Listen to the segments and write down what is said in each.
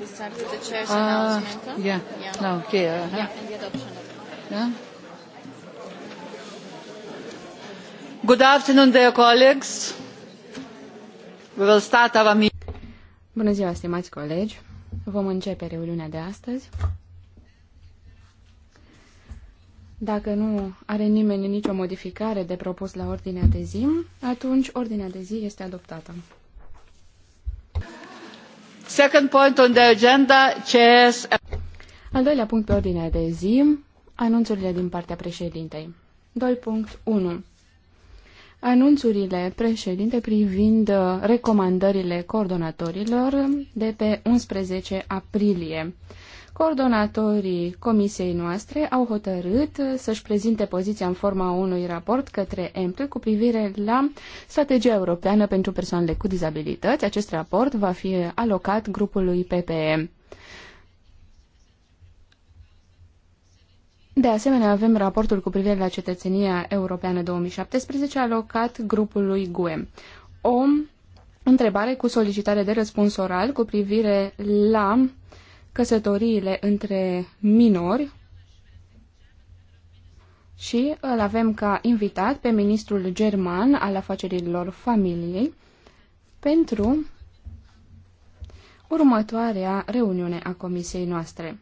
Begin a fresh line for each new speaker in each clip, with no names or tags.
uh,
ah, announcement. Yeah. yeah. No, Uh -huh. Yeah, and the adoption Yeah.
Good afternoon, dear colleagues. We will start our meeting.
Bună ziua, stimați colegi. Vom începe reuniunea de astăzi. Dacă nu are nimeni nicio modificare de propus la ordinea de zi, atunci ordinea de zi este adoptată. Second point on the agenda, CS... Al doilea punct pe ordinea de zi, anunțurile din partea președintei. 2.1. Anunțurile președinte privind uh, recomandările coordonatorilor de pe 11 aprilie. Coordonatorii comisiei noastre au hotărât uh, să-și prezinte poziția în forma unui raport către EMPL cu privire la strategia europeană pentru persoanele cu dizabilități. Acest raport va fi alocat grupului PPE. De asemenea, avem raportul cu privire la cetățenia europeană 2017 alocat grupului GUE. O întrebare cu solicitare de răspuns oral cu privire la căsătoriile între minori și îl avem ca invitat pe ministrul german al afacerilor familiei pentru următoarea reuniune a comisiei noastre.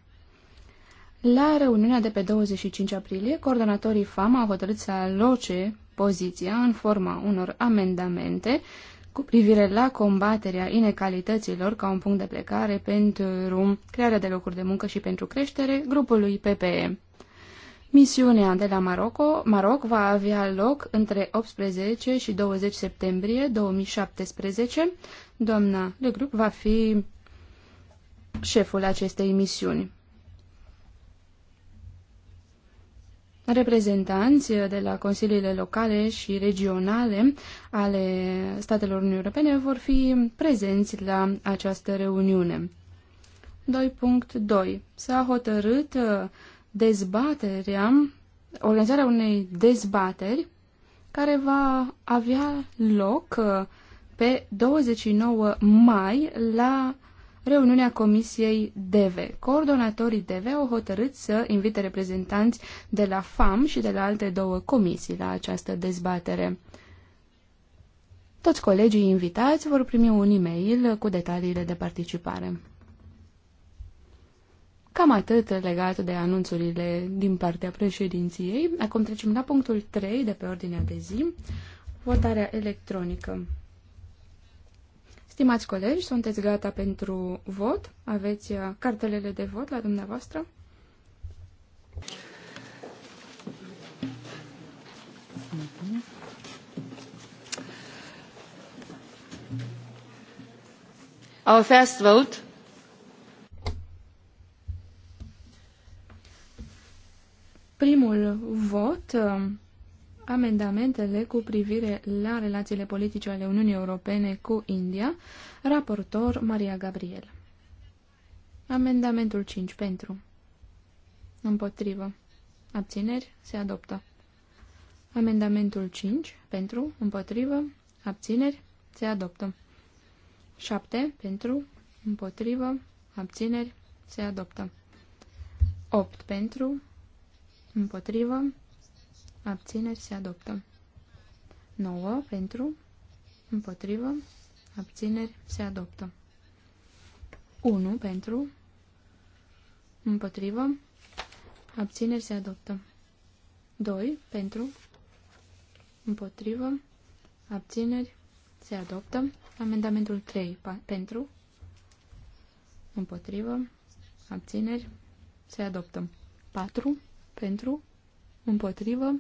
La reuniunea de pe 25 aprilie, coordonatorii FAM au hotărât să aloce poziția în forma unor amendamente cu privire la combaterea inegalităților ca un punct de plecare pentru crearea de locuri de muncă și pentru creștere grupului PPE. Misiunea de la Maroco, Maroc va avea loc între 18 și 20 septembrie 2017. Doamna grup va fi șeful acestei misiuni. reprezentanți de la consiliile locale și regionale ale statelor Uniunii Europene vor fi prezenți la această reuniune. 2.2. S-a hotărât uh, dezbaterea, organizarea unei dezbateri care va avea loc uh, pe 29 mai la reuniunea Comisiei DEVE. Coordonatorii DEVE au hotărât să invite reprezentanți de la FAM și de la alte două comisii la această dezbatere. Toți colegii invitați vor primi un e-mail cu detaliile de participare. Cam atât legat de anunțurile din partea președinției. Acum trecem la punctul 3 de pe ordinea de zi, votarea electronică. Stimați colegi, sunteți gata pentru vot? Aveți uh, cartelele de vot la dumneavoastră? Mhm.
Our first vote.
Primul vot uh, amendamentele cu privire la relațiile politice ale Uniunii Europene cu India, raportor Maria Gabriel. Amendamentul 5 pentru. Împotrivă. Abțineri se adoptă. Amendamentul 5 pentru, împotrivă, abțineri se adoptă. 7 pentru, împotrivă, abțineri se adoptă. 8 pentru, împotrivă, abțineri se adoptă. 9 pentru, împotrivă, abțineri se adoptă. 1 pentru, împotrivă, abțineri se adoptă. 2 pentru, împotrivă, abțineri se adoptă. Amendamentul 3 pentru, împotrivă, abțineri se adoptă. 4 pentru, împotrivă,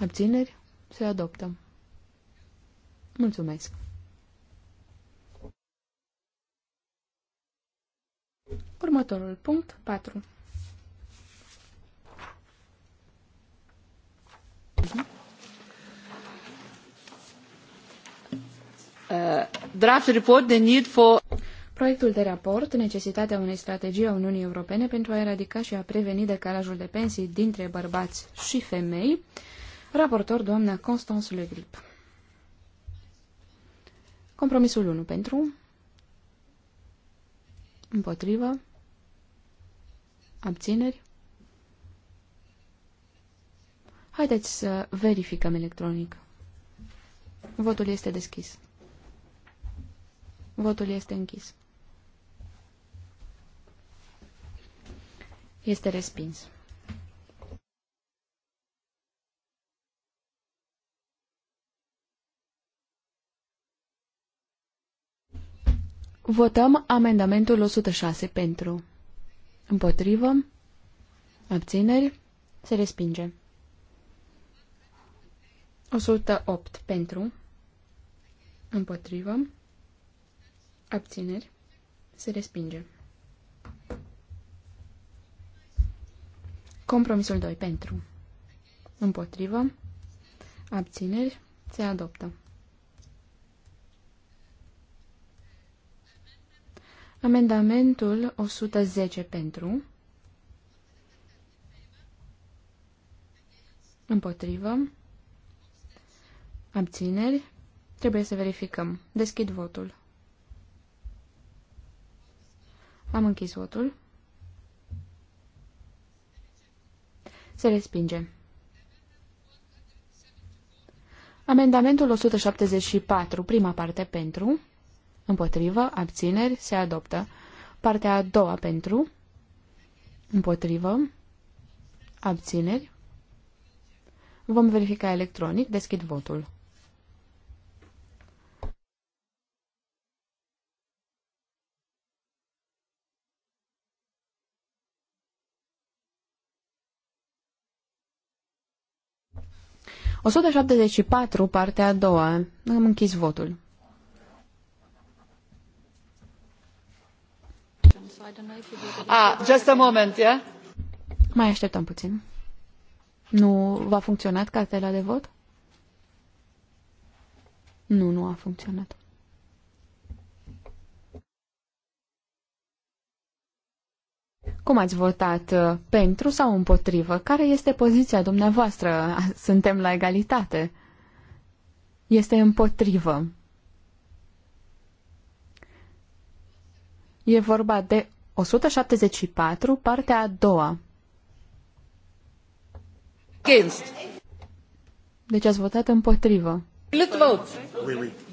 Abțineri? Se adoptă. Mulțumesc. Următorul punct 4.
Uh, draft report the need
for Proiectul de raport, necesitatea unei strategii a Uniunii Europene pentru a eradica și a preveni decalajul de pensii dintre bărbați și femei, uh, Raportor, doamna Constance Le Grip. Compromisul 1 pentru, împotrivă, abțineri. Haideți să verificăm electronic. Votul este deschis. Votul este închis. Este respins. Votăm amendamentul 106 pentru. Împotrivă. Abțineri. Se respinge. 108 pentru. Împotrivă. Abțineri. Se respinge. Compromisul 2 pentru. Împotrivă. Abțineri. Se adoptă. Amendamentul 110 pentru. Împotrivă. Abțineri. Trebuie să verificăm. Deschid votul. Am închis votul. Se respinge. Amendamentul 174, prima parte pentru, Împotrivă, abțineri, se adoptă. Partea a doua pentru, împotrivă, abțineri. Vom verifica electronic, deschid votul. O 174, partea a doua. Am închis votul.
Ah, just a
moment, yeah? Mai așteptăm puțin. Nu va funcționat cartela de vot? Nu, nu a funcționat. Cum ați votat? Uh, pentru sau împotrivă? Care este poziția dumneavoastră? Suntem la egalitate. Este împotrivă. E vorba de 174, partea a doua. Against. Deci ați votat împotrivă.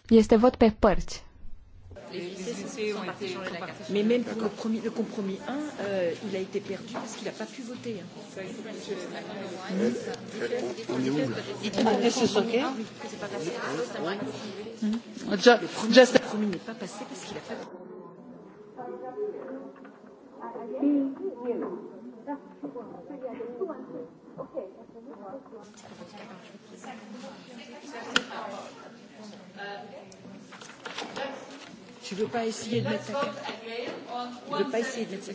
Este vot pe părți.
Mais même pour le, premier, le compromis 1, euh, il a été perdu parce qu'il n'a pas pu voter. Le compromis n'est pas passé parce qu'il n'a pas pu voter. Je ne veux pas essayer de mettre ça. Je ne veux pas essayer de mettre ça.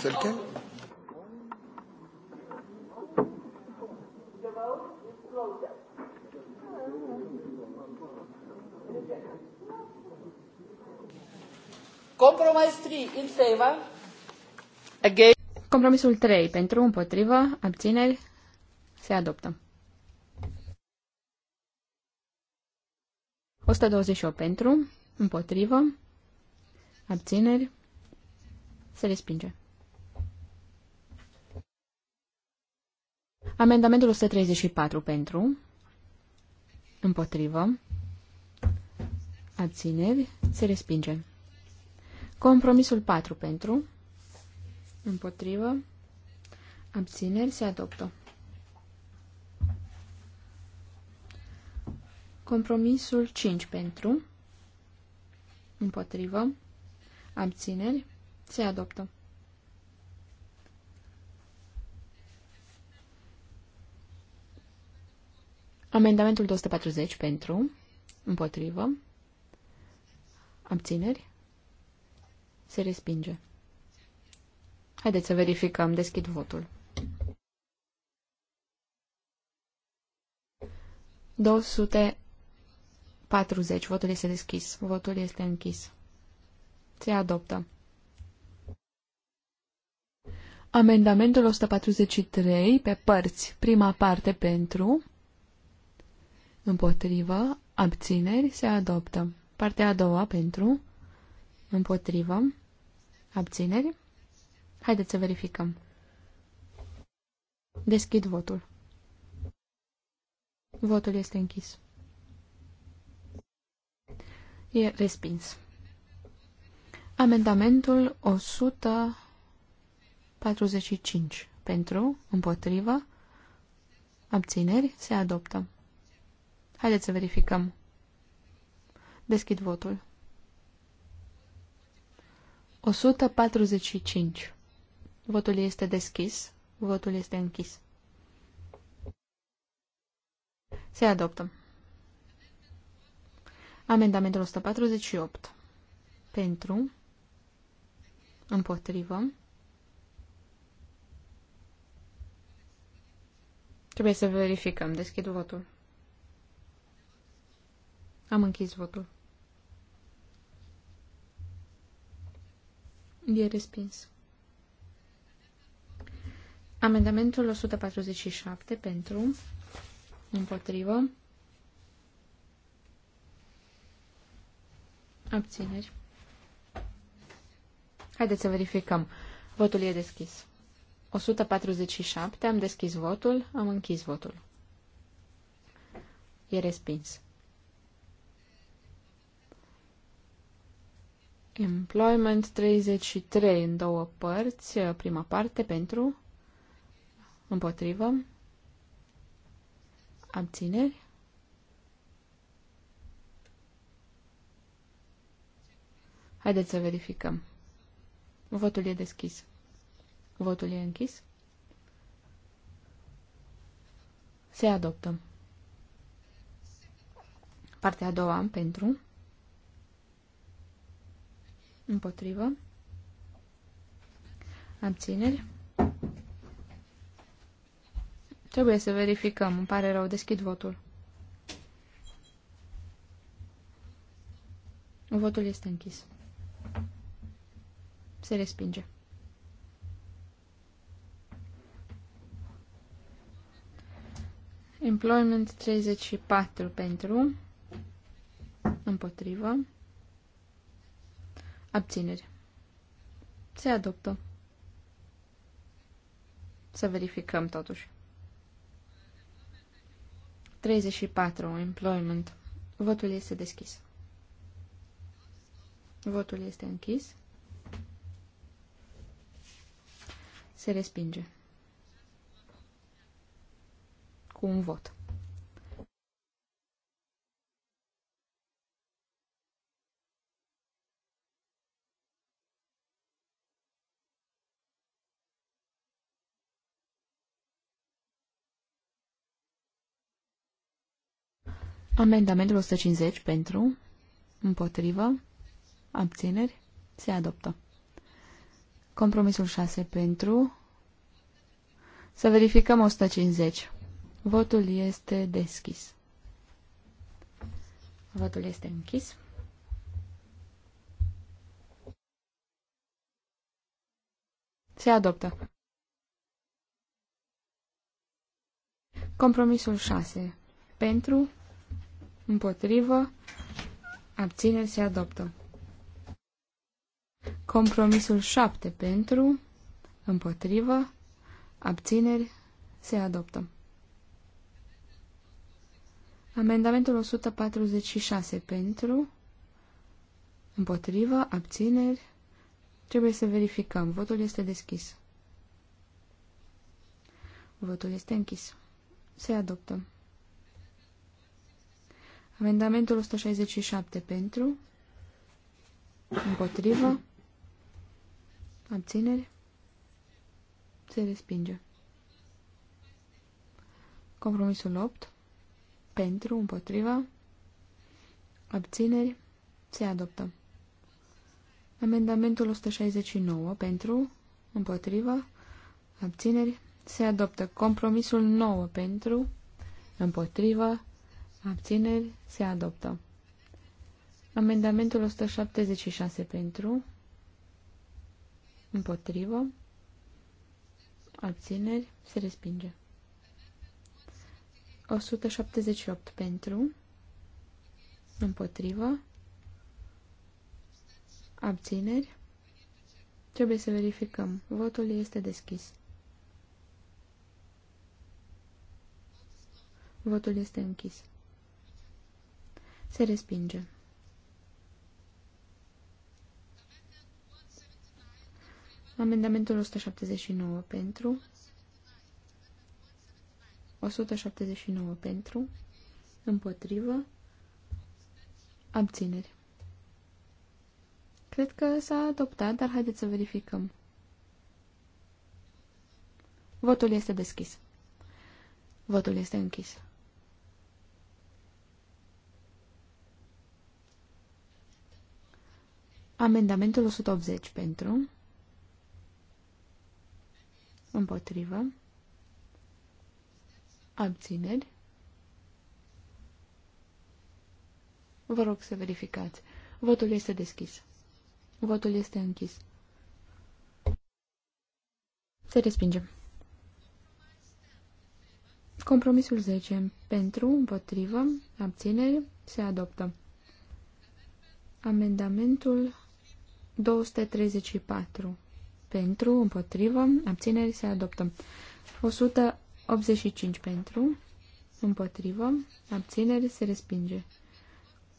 C'est lequel The vote
Compromisul 3 pentru, împotrivă, abțineri, se adoptă. 128 pentru, împotrivă, abțineri, se respinge. Amendamentul 134 pentru, împotrivă, abțineri, se respinge. Compromisul 4 pentru, împotrivă, abțineri, se adoptă. Compromisul 5 pentru, împotrivă, abțineri, se adoptă. Amendamentul 240 pentru, împotrivă, abțineri, se respinge. Haideți să verificăm. Deschid votul. 240. Votul este deschis. Votul este închis. Se adoptă. Amendamentul 143 pe părți. Prima parte pentru, împotrivă, abțineri, se adoptă. Partea a doua pentru, Împotrivă. Abțineri. Haideți să verificăm. Deschid votul. Votul este închis. E respins. Amendamentul 145. Pentru, împotrivă, abțineri, se adoptă. Haideți să verificăm. Deschid votul. 145. Votul este deschis. Votul este închis. Se adoptă. Amendamentul 148. Pentru. Împotrivă. Trebuie să verificăm. Deschid votul. Am închis votul. E respins. Amendamentul 147 pentru, împotrivă, abțineri. Haideți să verificăm. Votul e deschis. 147, am deschis votul, am închis votul. E respins. Employment 33 în două părți. Prima parte pentru, împotrivă, abțineri. Haideți să verificăm. Votul e deschis. Votul e închis. Se adoptă. Partea a doua pentru, Împotrivă. Abțineri. Trebuie să verificăm. Îmi pare rău. Deschid votul. Votul este închis. Se respinge. Employment 34 pentru, împotrivă, Abțineri. Se adoptă. Să verificăm totuși. 34. Employment. Votul este deschis. Votul este închis. Se respinge. Cu un vot. Amendamentul 150 pentru, împotrivă, abțineri, se adoptă. Compromisul 6 pentru. Să verificăm 150. Votul este deschis. Votul este închis. Se adoptă. Compromisul 6. Pentru, împotrivă, abțineri se adoptă. Compromisul 7 pentru, împotrivă, abțineri se adoptă. Amendamentul 146 pentru, împotrivă, abțineri, trebuie să verificăm. Votul este deschis. Votul este închis. Se adoptă. Amendamentul 167 pentru, împotrivă, abțineri, se respinge. Compromisul 8 pentru, Împotrivă. abțineri, se adoptă. Amendamentul 169 pentru, Împotrivă. abțineri, se adoptă. Compromisul 9 pentru, Împotrivă. Abțineri se adoptă. Amendamentul 176 pentru. Împotrivă. Abțineri se respinge. 178 pentru. Împotrivă. Abțineri. Trebuie să verificăm. Votul este deschis. Votul este închis. Se respinge. Amendamentul 179 pentru. 179 pentru. Împotrivă. Abțineri. Cred că s-a adoptat, dar haideți să verificăm. Votul este deschis. Votul este închis. Amendamentul 180 pentru. Împotrivă. Abțineri. Vă rog să verificați. Votul este deschis. Votul este închis. Se respinge. Compromisul 10. Pentru, împotrivă, abțineri, se adoptă. Amendamentul 234. Pentru, împotrivă, abțineri se adoptă. 185 pentru, împotrivă, abțineri se respinge.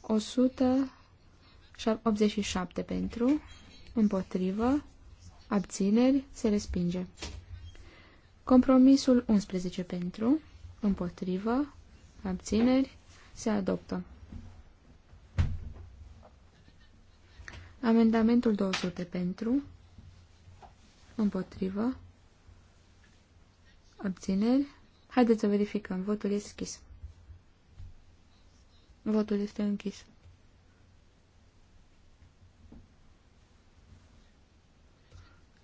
187 pentru, împotrivă, abțineri se respinge. Compromisul 11 pentru, împotrivă, abțineri se adoptă. Amendamentul 200 pentru, împotrivă, abțineri. Haideți să verificăm. Votul este schis. Votul este închis.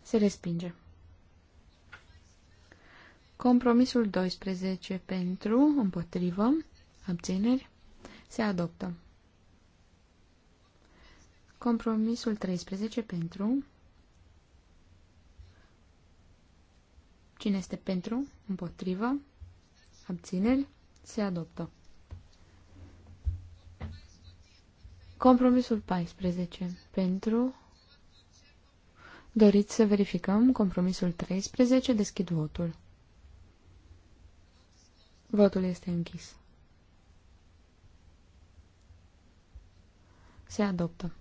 Se respinge. Compromisul 12 pentru, împotrivă, abțineri, se adoptă. Compromisul 13 pentru. Cine este pentru? Împotrivă? Abțineri? Se adoptă. Compromisul 14. Pentru. Doriți să verificăm compromisul 13? Deschid votul. Votul este închis. Se adoptă.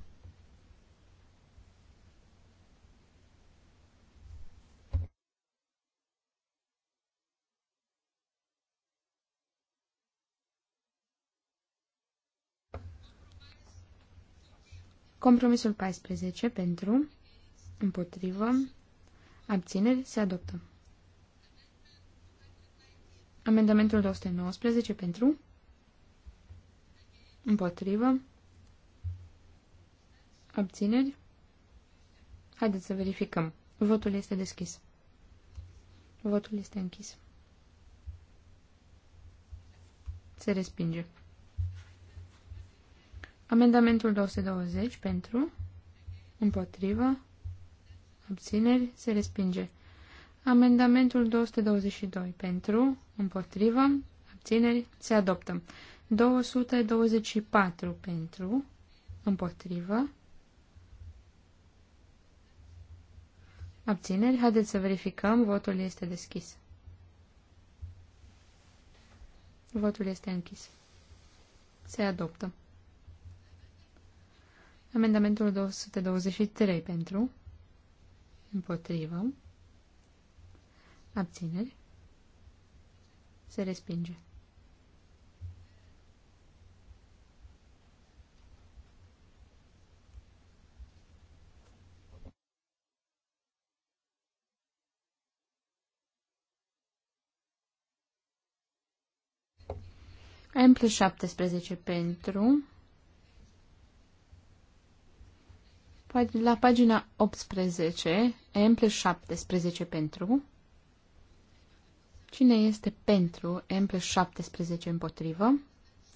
Compromisul 14 pentru, împotrivă, abțineri se adoptă. Amendamentul 219 pentru, împotrivă, abțineri. Haideți să verificăm. Votul este deschis. Votul este închis. Se respinge. Amendamentul 220 pentru, împotrivă, abțineri, se respinge. Amendamentul 222 pentru, împotrivă, abțineri, se adoptă. 224 pentru, împotrivă, abțineri. Haideți să verificăm, votul este deschis. Votul este închis. Se adoptă. Amendamentul 223 pentru, împotrivă, abțineri, se respinge. M plus 17 pentru, La pagina 18, Emple 17 pentru. Cine este pentru Emple 17 împotrivă?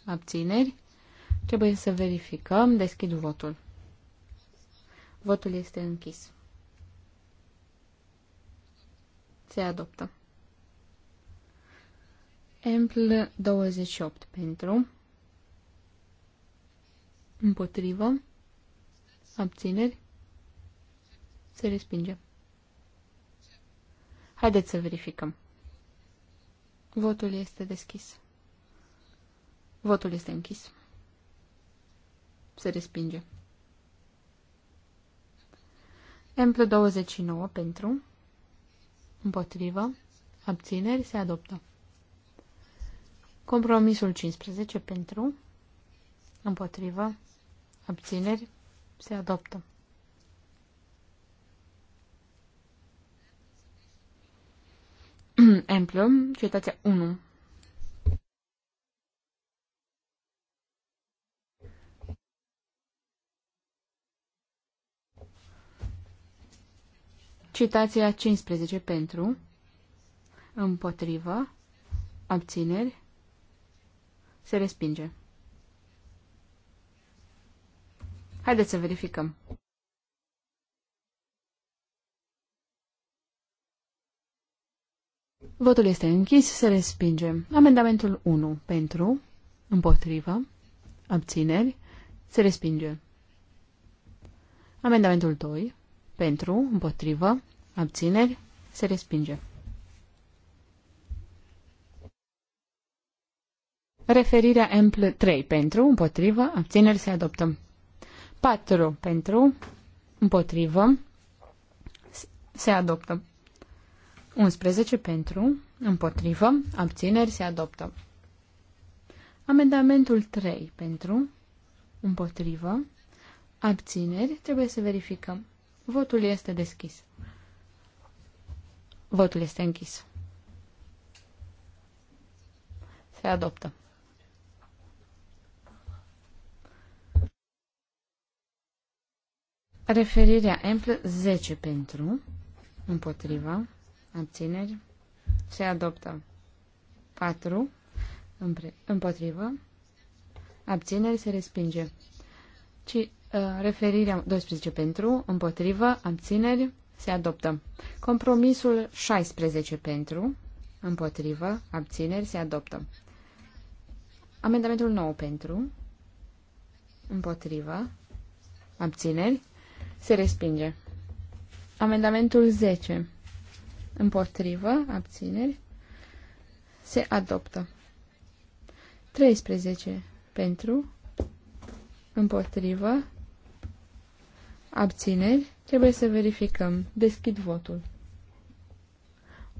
Abțineri. Trebuie să verificăm. Deschid votul. Votul este închis. Se adoptă. Empl 28 pentru. Împotrivă. Abțineri? Se respinge. Haideți să verificăm. Votul este deschis. Votul este închis. Se respinge. Emplu 29 pentru, împotrivă, abțineri, se adoptă. Compromisul 15 pentru, împotrivă, abțineri, se adoptă. Emplu, citația 1. Citația 15 pentru, împotrivă, abțineri, se respinge. Haideți să verificăm. Votul este închis, se respinge. Amendamentul 1 pentru, împotrivă, abțineri, se respinge. Amendamentul 2 pentru, împotrivă, abțineri, se respinge. Referirea ample 3 pentru, împotrivă, abțineri se adoptă. 4 pentru, împotrivă, se adoptă. 11 pentru, împotrivă, abțineri, se adoptă. Amendamentul 3 pentru, împotrivă, abțineri, trebuie să verificăm. Votul este deschis. Votul este închis. Se adoptă. Referirea amplă 10 pentru, împotriva, abțineri, se adoptă 4 împre, împotrivă, abțineri se respinge. Ci, uh, referirea 12 pentru, împotrivă, abțineri se adoptă. Compromisul 16 pentru, împotrivă, abțineri se adoptă. Amendamentul 9 pentru, împotrivă, abțineri se respinge. Amendamentul 10. Împotrivă, abțineri. Se adoptă. 13. Pentru, împotrivă, abțineri. Trebuie să verificăm. Deschid votul.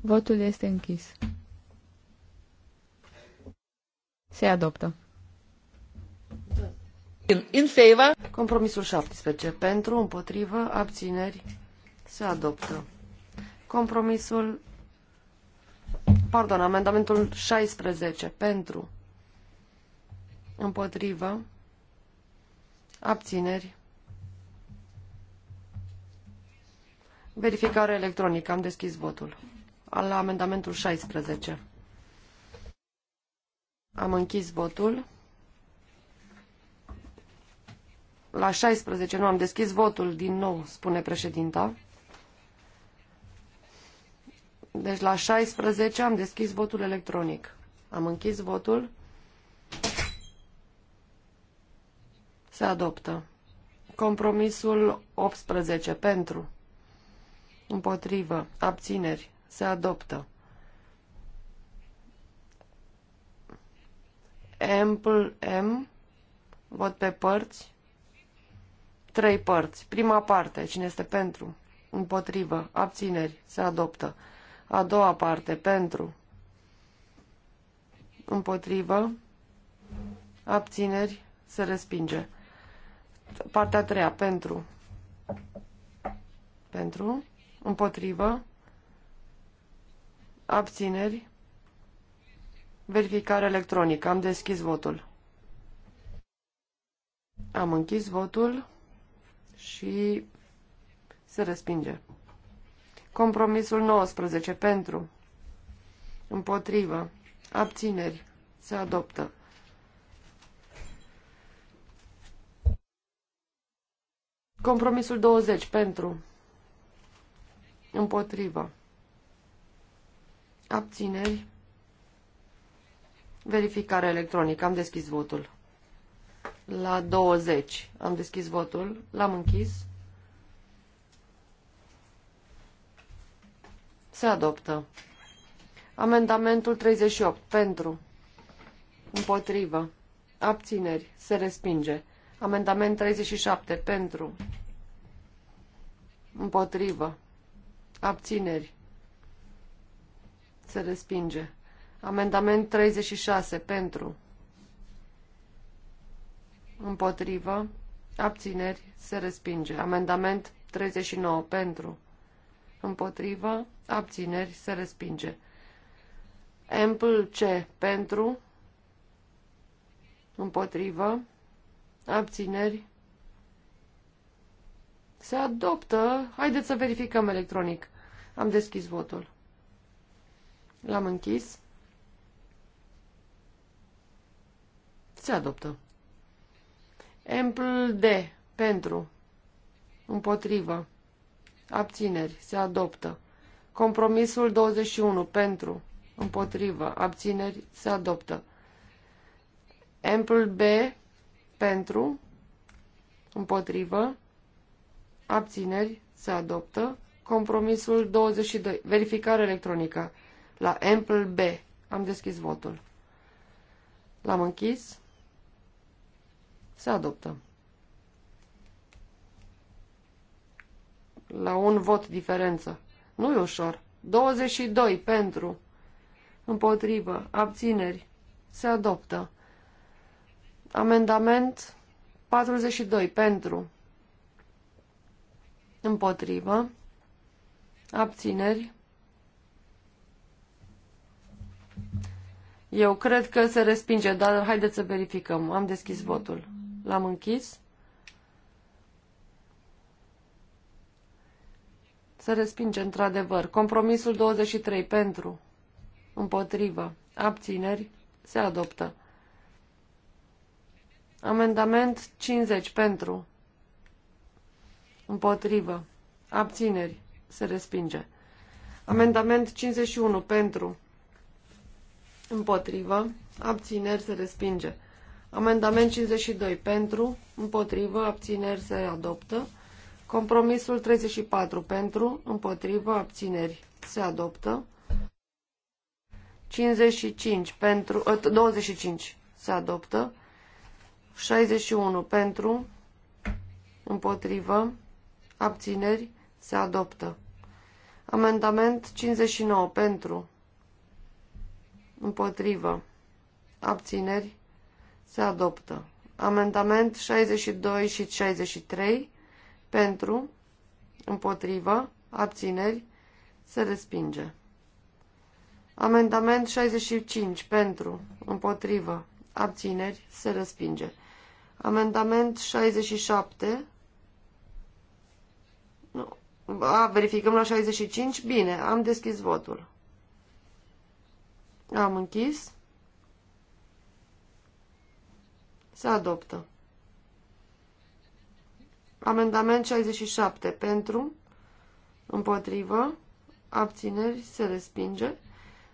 Votul este închis.
Se adoptă. In, favor. Compromisul 17. Pentru, împotrivă, abțineri, se adoptă. Compromisul, pardon, amendamentul 16. Pentru, împotrivă, abțineri, verificare electronică. Am deschis votul. La amendamentul 16. Am închis votul. La 16 nu am deschis votul din nou, spune președinta. Deci la 16 am deschis votul electronic. Am închis votul. Se adoptă. Compromisul 18 pentru. Împotrivă. Abțineri. Se adoptă. Ample M. Vot pe părți trei părți. Prima parte, cine este pentru, împotrivă, abțineri, se adoptă. A doua parte, pentru, împotrivă, abțineri, se respinge. Partea a treia, pentru, pentru, împotrivă, abțineri, verificare electronică. Am deschis votul. Am închis votul și se respinge. Compromisul 19 pentru, împotrivă, abțineri, se adoptă. Compromisul 20 pentru, împotrivă, abțineri, verificare electronică, am deschis votul la 20. Am deschis votul, l-am închis. Se adoptă. Amendamentul 38. Pentru. Împotrivă. Abțineri. Se respinge. Amendament 37. Pentru. Împotrivă. Abțineri. Se respinge. Amendament 36. Pentru împotrivă, abțineri, se respinge. Amendament 39 pentru, împotrivă, abțineri, se respinge. Ample C pentru, împotrivă, abțineri, se adoptă. Haideți să verificăm electronic. Am deschis votul. L-am închis. Se adoptă. Empl D. Pentru. Împotrivă. Abțineri. Se adoptă. Compromisul 21. Pentru. Împotrivă. Abțineri. Se adoptă. Empl B. Pentru. Împotrivă. Abțineri. Se adoptă. Compromisul 22. Verificare electronică. La Empl B. Am deschis votul. L-am închis. Se adoptă. La un vot diferență. nu e ușor. 22 pentru. Împotrivă. Abțineri. Se adoptă. Amendament 42 pentru. Împotrivă. Abțineri. Eu cred că se respinge, dar haideți să verificăm. Am deschis votul. L-am închis. Se respinge într-adevăr. Compromisul 23 pentru. Împotrivă. Abțineri. Se adoptă. Amendament 50 pentru. Împotrivă. Abțineri. Se respinge. Amendament 51 pentru. Împotrivă. Abțineri. Se respinge. Amendament 52 pentru, împotrivă, abțineri se adoptă. Compromisul 34 pentru, împotrivă, abțineri se adoptă. 55 pentru, 25 ă, se adoptă. 61 pentru, împotrivă, abțineri se adoptă. Amendament 59 pentru, împotrivă, abțineri se adoptă. Amendament 62 și 63 pentru, împotrivă, abțineri, se respinge. Amendament 65 pentru, împotrivă, abțineri, se respinge. Amendament 67. Nu. A, verificăm la 65? Bine, am deschis votul. Am închis. Se adoptă. Amendament 67. Pentru, împotrivă, abțineri, se respinge.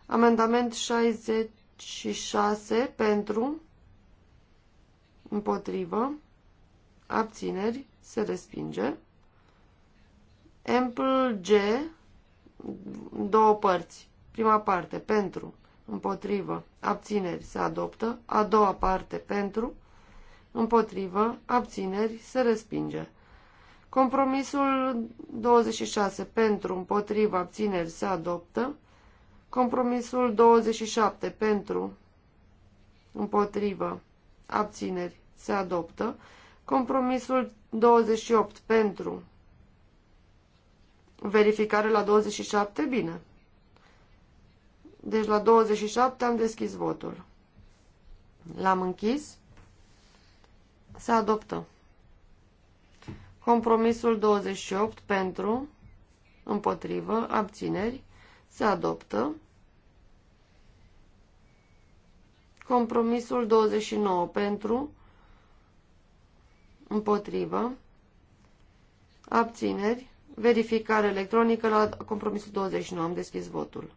Amendament 66. Pentru, împotrivă, abțineri, se respinge. Ample G, două părți. Prima parte, pentru, împotrivă, abțineri, se adoptă. A doua parte, pentru, împotrivă, abțineri, se respinge. Compromisul 26 pentru, împotrivă, abțineri, se adoptă. Compromisul 27 pentru, împotrivă, abțineri, se adoptă. Compromisul 28 pentru, verificare la 27, bine. Deci la 27 am deschis votul. L-am închis. Se adoptă. Compromisul 28 pentru, împotrivă, abțineri, se adoptă. Compromisul 29 pentru, împotrivă, abțineri, verificare electronică la compromisul 29. Am deschis votul.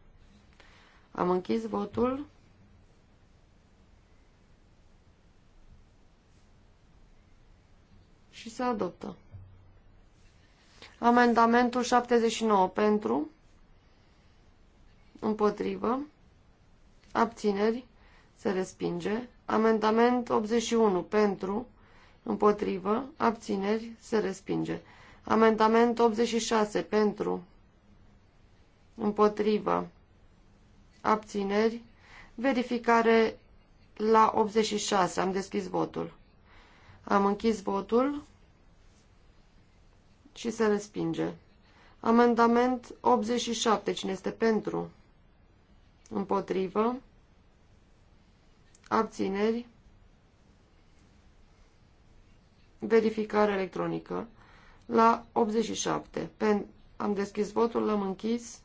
Am închis votul. și se adoptă. Amendamentul 79 pentru, împotrivă, abțineri, se respinge. Amendament 81 pentru, împotrivă, abțineri, se respinge. Amendament 86 pentru, împotrivă, abțineri, verificare la 86. Am deschis votul. Am închis votul și se respinge. Amendament 87. Cine este pentru? Împotrivă. Abțineri. Verificare electronică. La 87. Pen am deschis votul, l-am închis.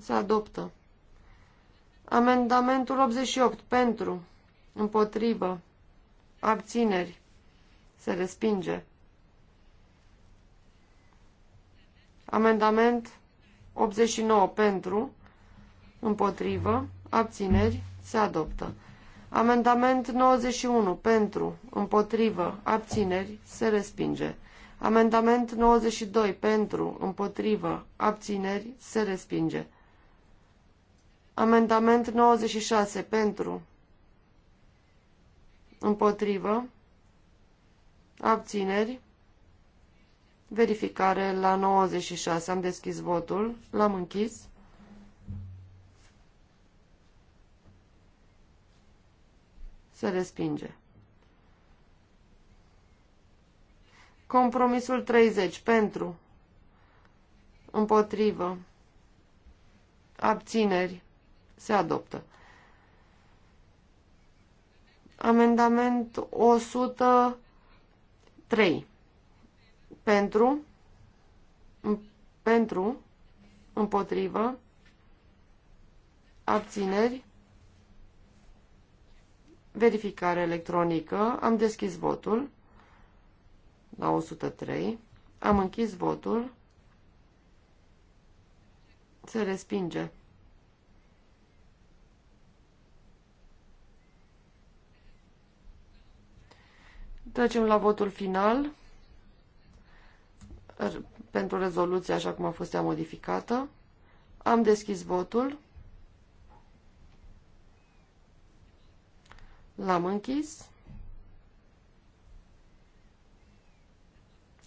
Se adoptă. Amendamentul 88. Pentru. Împotrivă. Abțineri. Se respinge. Amendament 89 pentru, împotrivă, abțineri, se adoptă. Amendament 91 pentru, împotrivă, abțineri, se respinge. Amendament 92 pentru, împotrivă, abțineri, se respinge. Amendament 96 pentru, împotrivă, abțineri, Verificare la 96. Am deschis votul. L-am închis. Se respinge. Compromisul 30. Pentru. Împotrivă. Abțineri. Se adoptă. Amendament 103 pentru, pentru, împotrivă, abțineri, verificare electronică, am deschis votul la 103, am închis votul, se respinge. Trecem la votul final pentru rezoluție așa cum a fost ea modificată. Am deschis votul. L-am închis.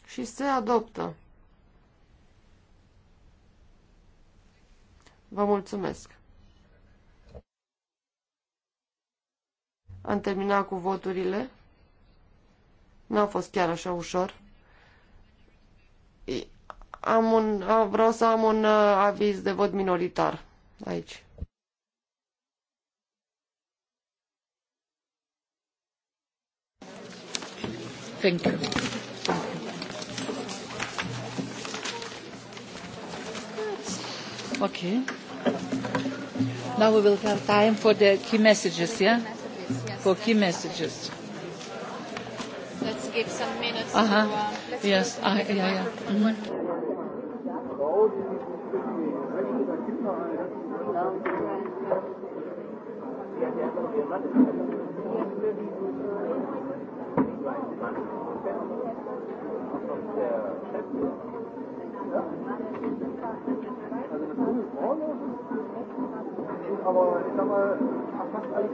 Și se adoptă. Vă mulțumesc. Am terminat cu voturile. N-a fost chiar așa ușor am un, vreau să am un aviz de vot minoritar aici. Thank you. Ok. Now we will have time for the key
messages, yeah? For key messages
give some minutes uh -huh. to... Uh-huh. Uh, let's yes, uh, yeah,
yeah. Mm -hmm.
Aber ich sag mal, fast alles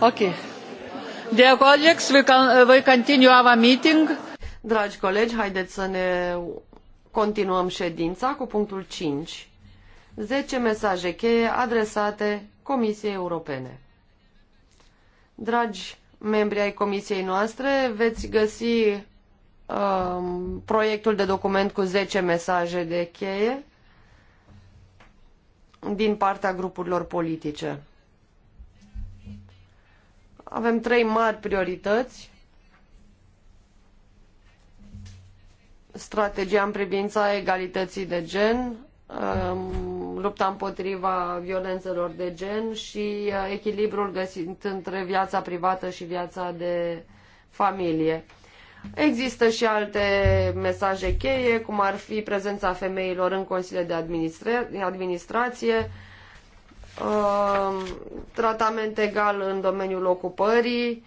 Okay.
Dear colleagues, we can, uh, we continue our meeting. Dragi colegi, haideți să ne continuăm ședința cu punctul 5. 10 mesaje cheie adresate Comisiei Europene. Dragi membri ai comisiei noastre, veți găsi um, proiectul de document cu 10 mesaje de cheie din partea grupurilor politice. Avem trei mari priorități. Strategia în privința egalității de gen, um, lupta împotriva violențelor de gen și uh, echilibrul găsit între viața privată și viața de familie. Există și alte mesaje cheie, cum ar fi prezența femeilor în consiliile de administra- administrație, Uh, tratament egal în domeniul ocupării,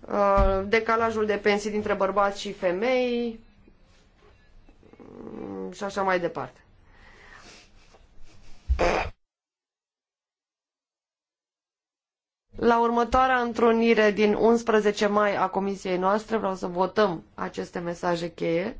uh, decalajul de pensii dintre bărbați și femei mm, și așa mai departe. La următoarea întrunire din 11 mai a comisiei noastre vreau să votăm aceste mesaje cheie.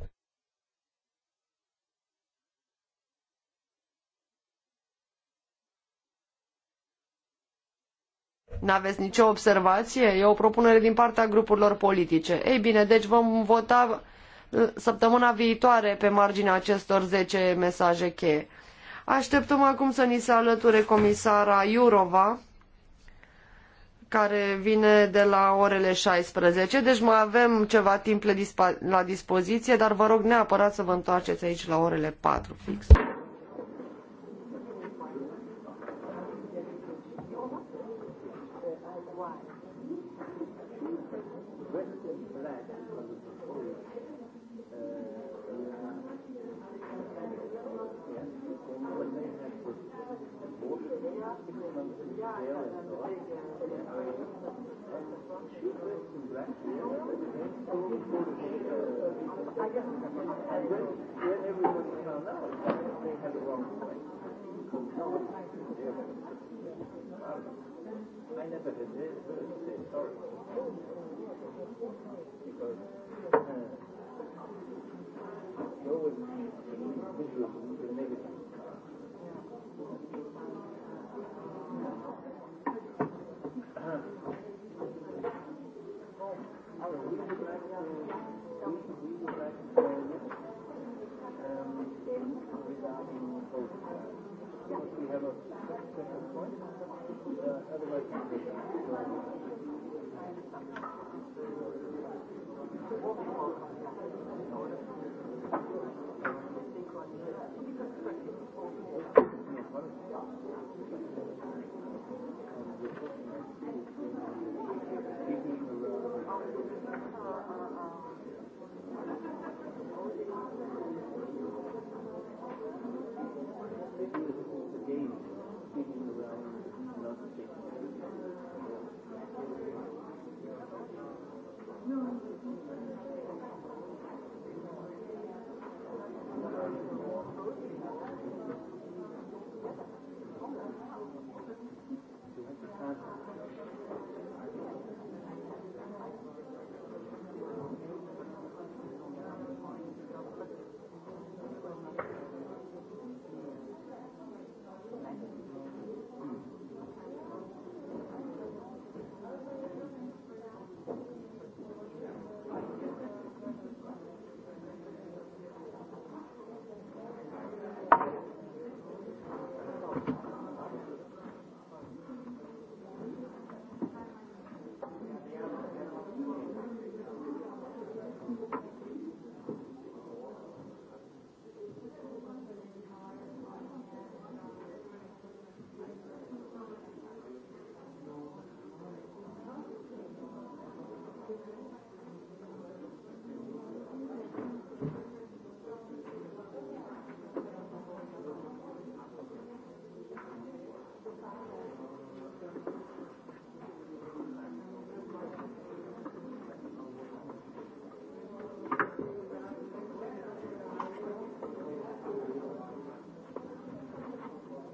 N-aveți nicio observație? E o propunere din partea grupurilor politice. Ei bine, deci vom vota uh, săptămâna viitoare pe marginea acestor zece mesaje cheie. Așteptăm acum să ni se alăture comisara Iurova, care vine de la orele 16, deci mai avem ceva timp la dispoziție, dar vă rog neapărat să vă întoarceți aici la orele 4 fix.
I never did this, but it's a story. Because uh, you always visual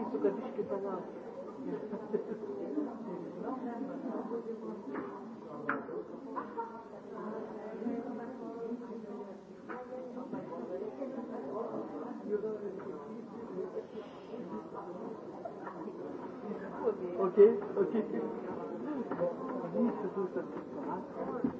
ist sogar dicht geballert. Okay, okay. Nicht versucht, das zu verraten.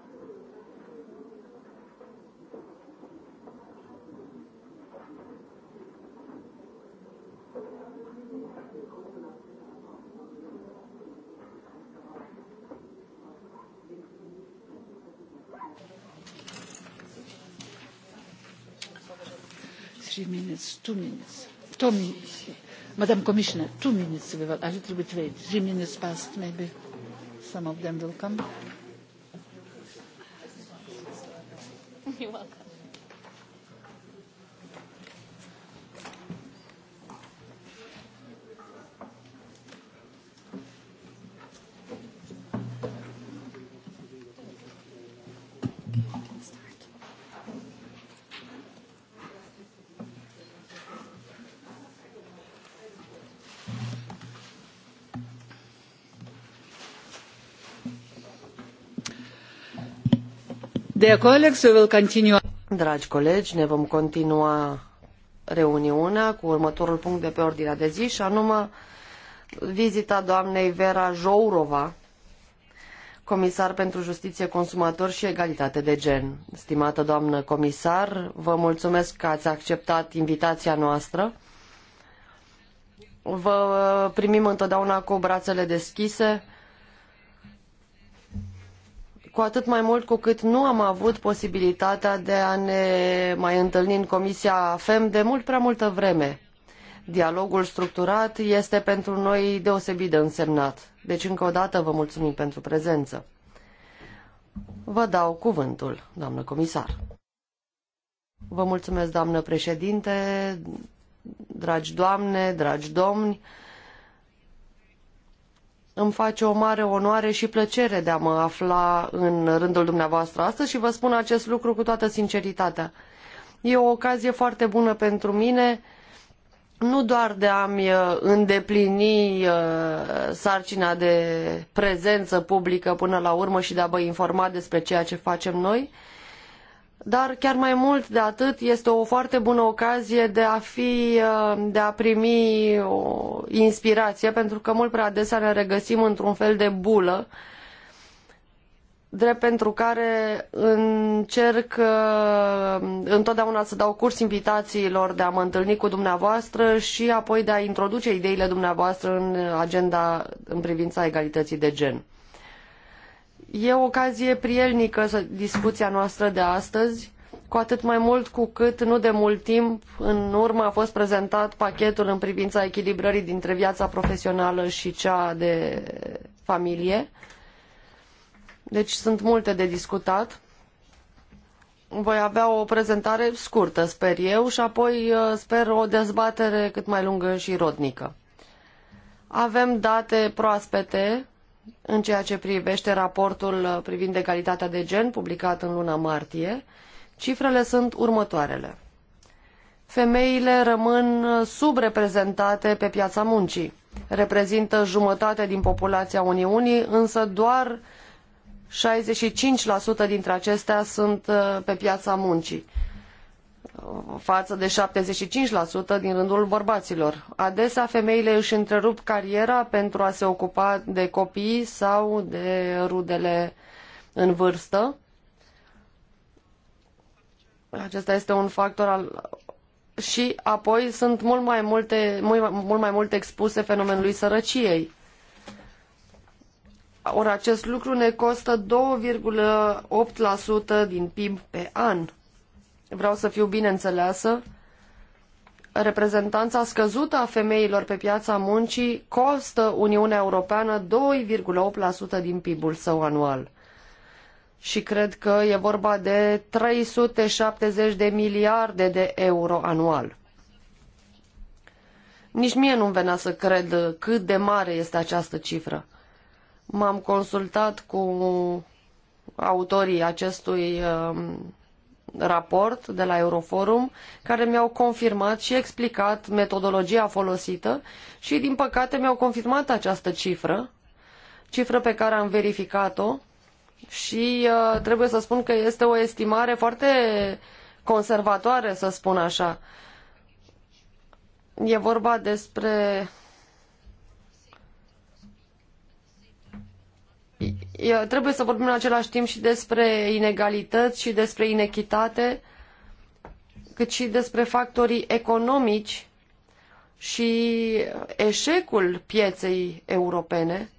minutes, two minutes, two minutes. Madam Commissioner, two minutes. We will a little bit wait. Three minutes past, maybe. Some of them will come. You're welcome.
Dear colleagues, we will continue. Dragi colegi, ne vom continua reuniunea cu următorul punct de pe ordinea de zi și anume vizita doamnei Vera Jourova, comisar pentru justiție, consumator și egalitate de gen. Stimată doamnă comisar, vă mulțumesc că ați acceptat invitația noastră. Vă primim întotdeauna cu brațele deschise cu atât mai mult cu cât nu am avut posibilitatea de a ne mai întâlni în Comisia FEM de mult prea multă vreme. Dialogul structurat este pentru noi deosebit de însemnat. Deci, încă o dată, vă mulțumim pentru prezență. Vă dau cuvântul, doamnă comisar. Vă mulțumesc, doamnă președinte, dragi doamne, dragi domni. Îmi face o mare onoare și plăcere de a mă afla în rândul dumneavoastră astăzi și vă spun acest lucru cu toată sinceritatea. E o ocazie foarte bună pentru mine nu doar de a-mi uh, îndeplini uh, sarcina de prezență publică până la urmă și de a vă informa despre ceea ce facem noi, dar chiar mai mult de atât este o foarte bună ocazie de a, fi, uh, de a primi o inspirație, pentru că mult prea adesea ne regăsim într-un fel de bulă, drept pentru care încerc uh, întotdeauna să dau curs invitațiilor de a mă întâlni cu dumneavoastră și apoi de a introduce ideile dumneavoastră în agenda în privința egalității de gen. E o ocazie prielnică discuția noastră de astăzi, cu atât mai mult cu cât nu de mult timp în urmă a fost prezentat pachetul în privința echilibrării dintre viața profesională și cea de familie. Deci sunt multe de discutat. Voi avea o prezentare scurtă, sper eu, și apoi uh, sper o dezbatere cât mai lungă și rodnică. Avem date proaspete în ceea ce privește raportul uh, privind egalitatea de gen publicat în luna martie, cifrele sunt următoarele. Femeile rămân uh, subreprezentate pe piața muncii. Reprezintă jumătate din populația Uniunii, însă doar 65% dintre acestea sunt uh, pe piața muncii față de 75% din rândul bărbaților. Adesea femeile își întrerup cariera pentru a se ocupa de copii sau de rudele în vârstă. Acesta este un factor al și apoi sunt mult mai multe, mult, mai mult expuse fenomenului sărăciei. Ori acest lucru ne costă 2,8% din PIB pe an vreau să fiu bine înțeleasă, reprezentanța scăzută a femeilor pe piața muncii costă Uniunea Europeană 2,8% din PIB-ul său anual. Și cred că e vorba de 370 de miliarde de euro anual. Nici mie nu-mi venea să cred cât de mare este această cifră. M-am consultat cu autorii acestui um, raport de la Euroforum care mi-au confirmat și explicat metodologia folosită și, din păcate, mi-au confirmat această cifră, cifră pe care am verificat-o și uh, trebuie să spun că este o estimare foarte conservatoare, să spun așa. E vorba despre trebuie să vorbim în același timp și despre inegalități și despre inechitate, cât și despre factorii economici și eșecul pieței europene,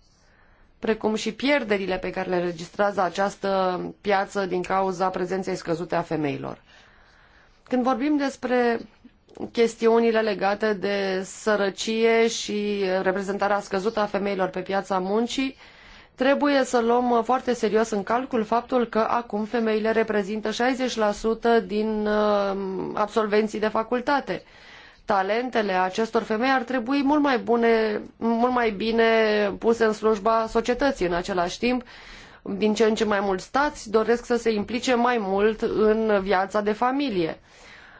precum și pierderile pe care le registrează această piață din cauza prezenței scăzute a femeilor. Când vorbim despre chestiunile legate de sărăcie și reprezentarea scăzută a femeilor pe piața muncii, trebuie să luăm uh, foarte serios în calcul faptul că acum femeile reprezintă 60% din uh, absolvenții de facultate. Talentele acestor femei ar trebui mult mai, bune, mult mai bine puse în slujba societății în același timp. Din ce în ce mai mulți stați doresc să se implice mai mult în viața de familie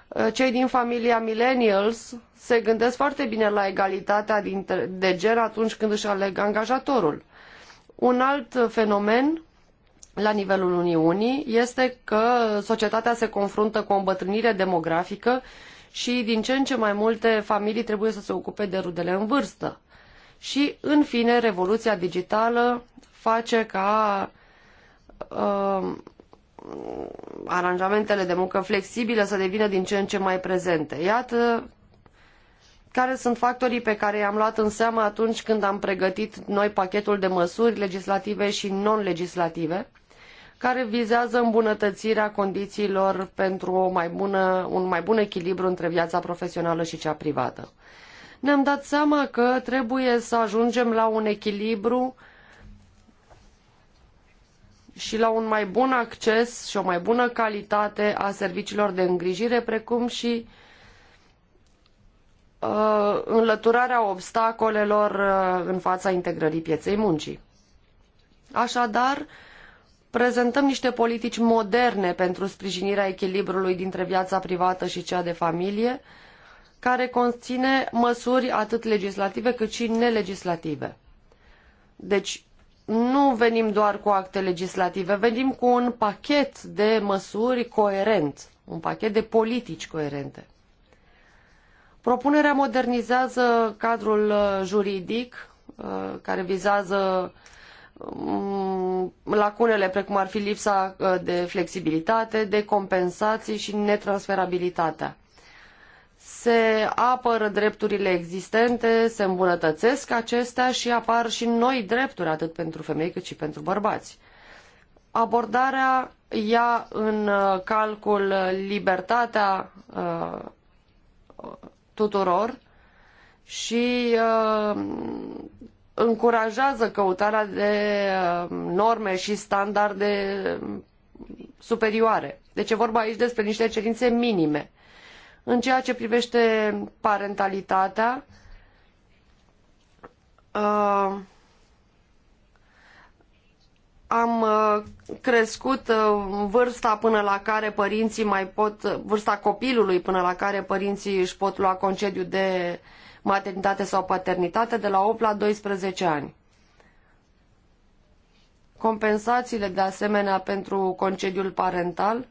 uh, cei din familia millennials se gândesc foarte bine la egalitatea de gen atunci când își aleg angajatorul. Un alt fenomen la nivelul Uniunii este că societatea se confruntă cu o îmbătrânire demografică și din ce în ce mai multe familii trebuie să se ocupe de rudele în vârstă. Și, în fine, revoluția digitală face ca uh, aranjamentele de muncă flexibile să devină din ce în ce mai prezente. Iată care sunt factorii pe care i-am luat în seamă atunci când am pregătit noi pachetul de măsuri legislative și non-legislative, care vizează îmbunătățirea condițiilor pentru o mai bună, un mai bun echilibru între viața profesională și cea privată. Ne-am dat seama că trebuie să ajungem la un echilibru și la un mai bun acces și o mai bună calitate a serviciilor de îngrijire, precum și uh, Uh, înlăturarea obstacolelor uh, în fața integrării pieței muncii. Așadar, prezentăm niște politici moderne pentru sprijinirea echilibrului dintre viața privată și cea de familie, care conține măsuri atât legislative cât și nelegislative. Deci, nu venim doar cu acte legislative, venim cu un pachet de măsuri coerent, un pachet de politici coerente. Propunerea modernizează cadrul uh, juridic uh, care vizează um, lacunele precum ar fi lipsa uh, de flexibilitate, de compensații și netransferabilitatea. Se apără drepturile existente, se îmbunătățesc acestea și apar și noi drepturi atât pentru femei cât și pentru bărbați. Abordarea ia în calcul libertatea tuturor și uh, încurajează căutarea de uh, norme și standarde superioare. Deci e vorba aici despre niște cerințe minime. În ceea ce privește parentalitatea, uh, am uh, crescut uh, vârsta până la care părinții mai pot, vârsta copilului până la care părinții își pot lua concediu de maternitate sau paternitate de la 8 la 12 ani. Compensațiile de asemenea pentru concediul parental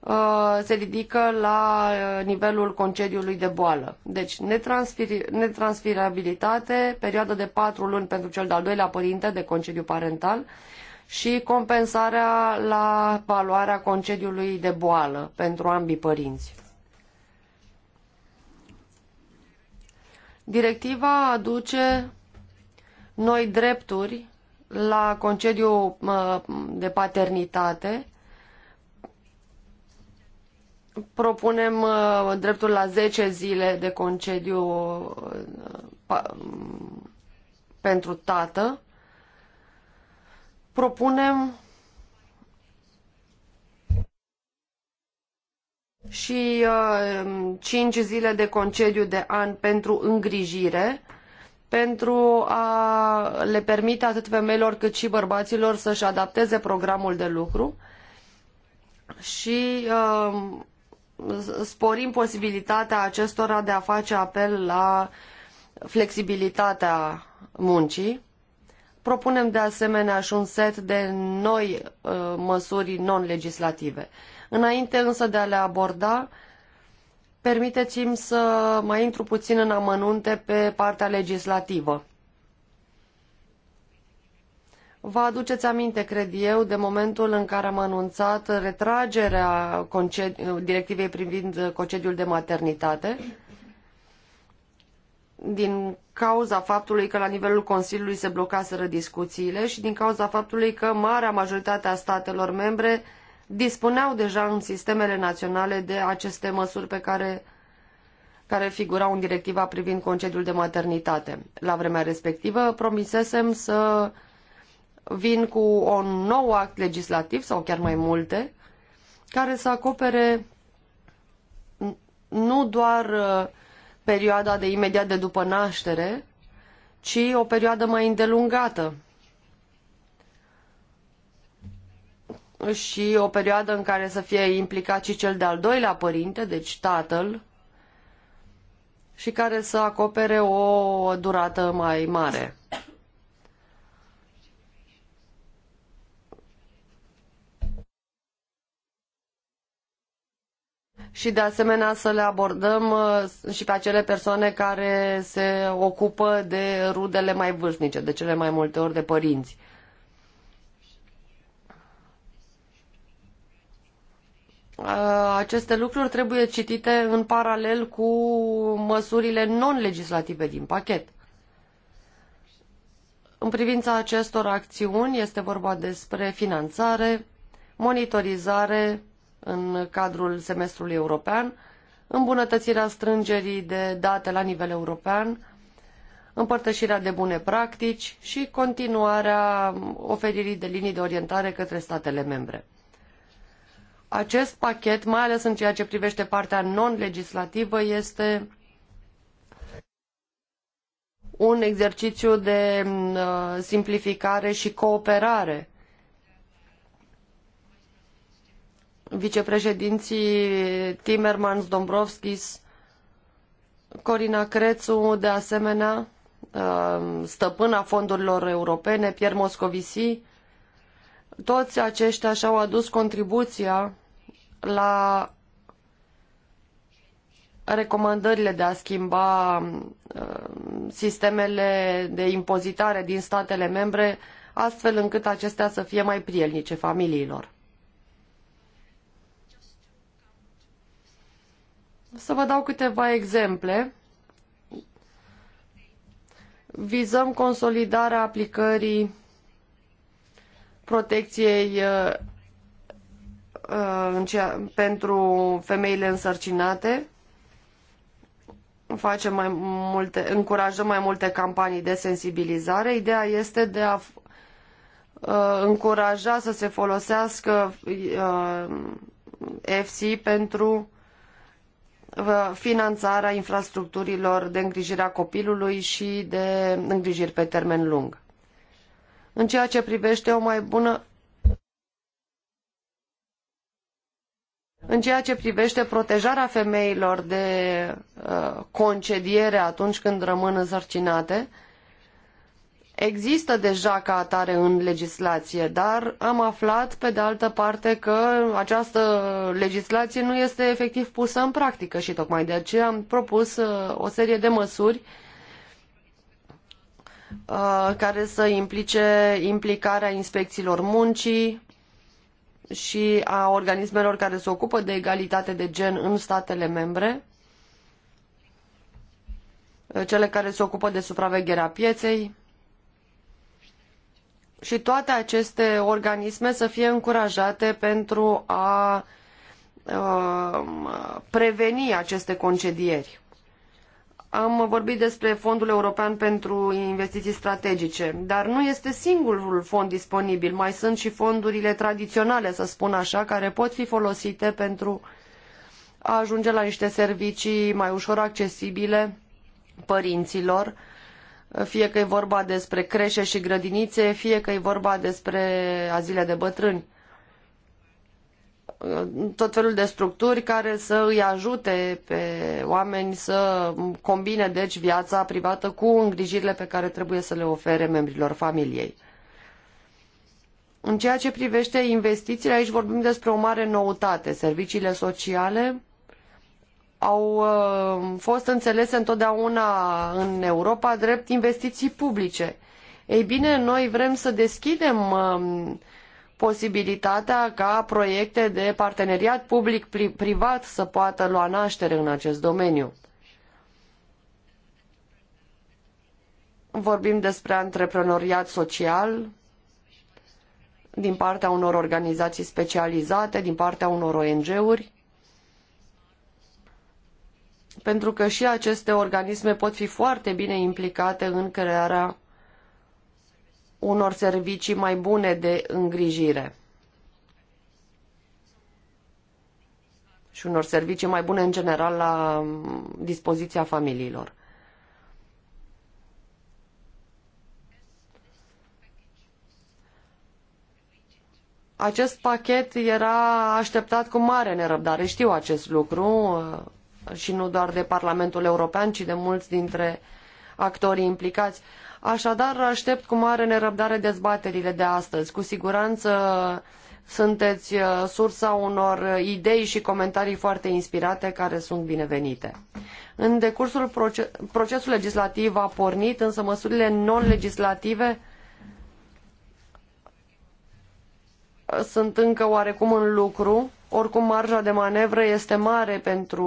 uh, se ridică la nivelul concediului de boală. Deci netransferabilitate, perioadă de patru luni pentru cel de-al doilea părinte de concediu parental și compensarea la valoarea concediului de boală pentru ambii părinți. Directiva aduce noi drepturi la concediu de paternitate. Propunem dreptul la 10 zile de concediu pentru tată propunem și uh, cinci zile de concediu de an pentru îngrijire, pentru a le permite atât femeilor cât și bărbaților să-și adapteze programul de lucru și uh, sporim posibilitatea acestora de a face apel la flexibilitatea muncii Propunem de asemenea și un set de noi uh, măsuri non-legislative. Înainte însă de a le aborda, permiteți-mi să mai intru puțin în amănunte pe partea legislativă. Vă aduceți aminte, cred eu, de momentul în care am anunțat retragerea directivei privind concediul de maternitate din cauza faptului că la nivelul Consiliului se blocaseră discuțiile și din cauza faptului că marea majoritate a statelor membre dispuneau deja în sistemele naționale de aceste măsuri pe care, care figurau în directiva privind concediul de maternitate. La vremea respectivă promisesem să vin cu un nou act legislativ sau chiar mai multe care să acopere nu doar uh, perioada de imediat de după naștere, ci o perioadă mai îndelungată și o perioadă în care să fie implicat și cel de-al doilea părinte, deci tatăl, și care să acopere o durată mai mare. și de asemenea să le abordăm uh, și pe acele persoane care se ocupă de rudele mai vârstnice, de cele mai multe ori de părinți. Uh, aceste lucruri trebuie citite în paralel cu măsurile non-legislative din pachet. În privința acestor acțiuni este vorba despre finanțare, monitorizare, în cadrul semestrului european, îmbunătățirea strângerii de date la nivel european, împărtășirea de bune practici și continuarea oferirii de linii de orientare către statele membre. Acest pachet, mai ales în ceea ce privește partea non-legislativă, este un exercițiu de uh, simplificare și cooperare vicepreședinții Timmermans, Dombrovskis, Corina Crețu, de asemenea, uh, stăpâna fondurilor europene, Pierre Moscovici, toți aceștia și-au adus contribuția la recomandările de a schimba uh, sistemele de impozitare din statele membre, astfel încât acestea să fie mai prielnice familiilor. Să vă dau câteva exemple. Vizăm consolidarea aplicării protecției uh, uh, pentru femeile însărcinate. Facem mai multe, încurajăm mai multe campanii de sensibilizare. Ideea este de a uh, încuraja să se folosească FC pentru Uh, finanțarea infrastructurilor de îngrijire a copilului și de îngrijiri pe termen lung. În ceea ce privește o mai bună în ceea ce privește protejarea femeilor de uh, concediere atunci când rămân însărcinate, uh, există deja ca atare în legislație, dar am aflat, pe de altă parte, că această legislație nu este efectiv pusă în practică și tocmai de aceea am propus uh, o serie de măsuri uh, care să implice implicarea inspecțiilor muncii și a organismelor care se ocupă de egalitate de gen în statele membre, uh, cele care se ocupă de supravegherea pieței, și toate aceste organisme să fie încurajate pentru a um, preveni aceste concedieri. Am vorbit despre Fondul European pentru Investiții Strategice, dar nu este singurul fond disponibil. Mai sunt și fondurile tradiționale, să spun așa, care pot fi folosite pentru a ajunge la niște servicii mai ușor accesibile părinților, fie că e vorba despre creșe și grădinițe, fie că e vorba despre azile de bătrâni. Tot felul de structuri care să îi ajute pe oameni să combine deci viața privată cu îngrijirile pe care trebuie să le ofere membrilor familiei. În ceea ce privește investițiile, aici vorbim despre o mare noutate. Serviciile sociale au uh, fost înțelese întotdeauna în Europa drept investiții publice. Ei bine, noi vrem să deschidem um, posibilitatea ca proiecte de parteneriat public-privat să poată lua naștere în acest domeniu. Vorbim despre antreprenoriat social din partea unor organizații specializate, din partea unor ONG-uri pentru că și aceste organisme pot fi foarte bine implicate în crearea unor servicii mai bune de îngrijire și unor servicii mai bune în general la dispoziția familiilor. Acest pachet era așteptat cu mare nerăbdare, știu acest lucru, și nu doar de Parlamentul European, ci de mulți dintre actorii implicați. Așadar, aștept cu mare nerăbdare dezbaterile de astăzi. Cu siguranță sunteți uh, sursa unor idei și comentarii foarte inspirate care sunt binevenite. În decursul proces, legislativ a pornit, însă măsurile non-legislative sunt încă oarecum în lucru, oricum marja de manevră este mare pentru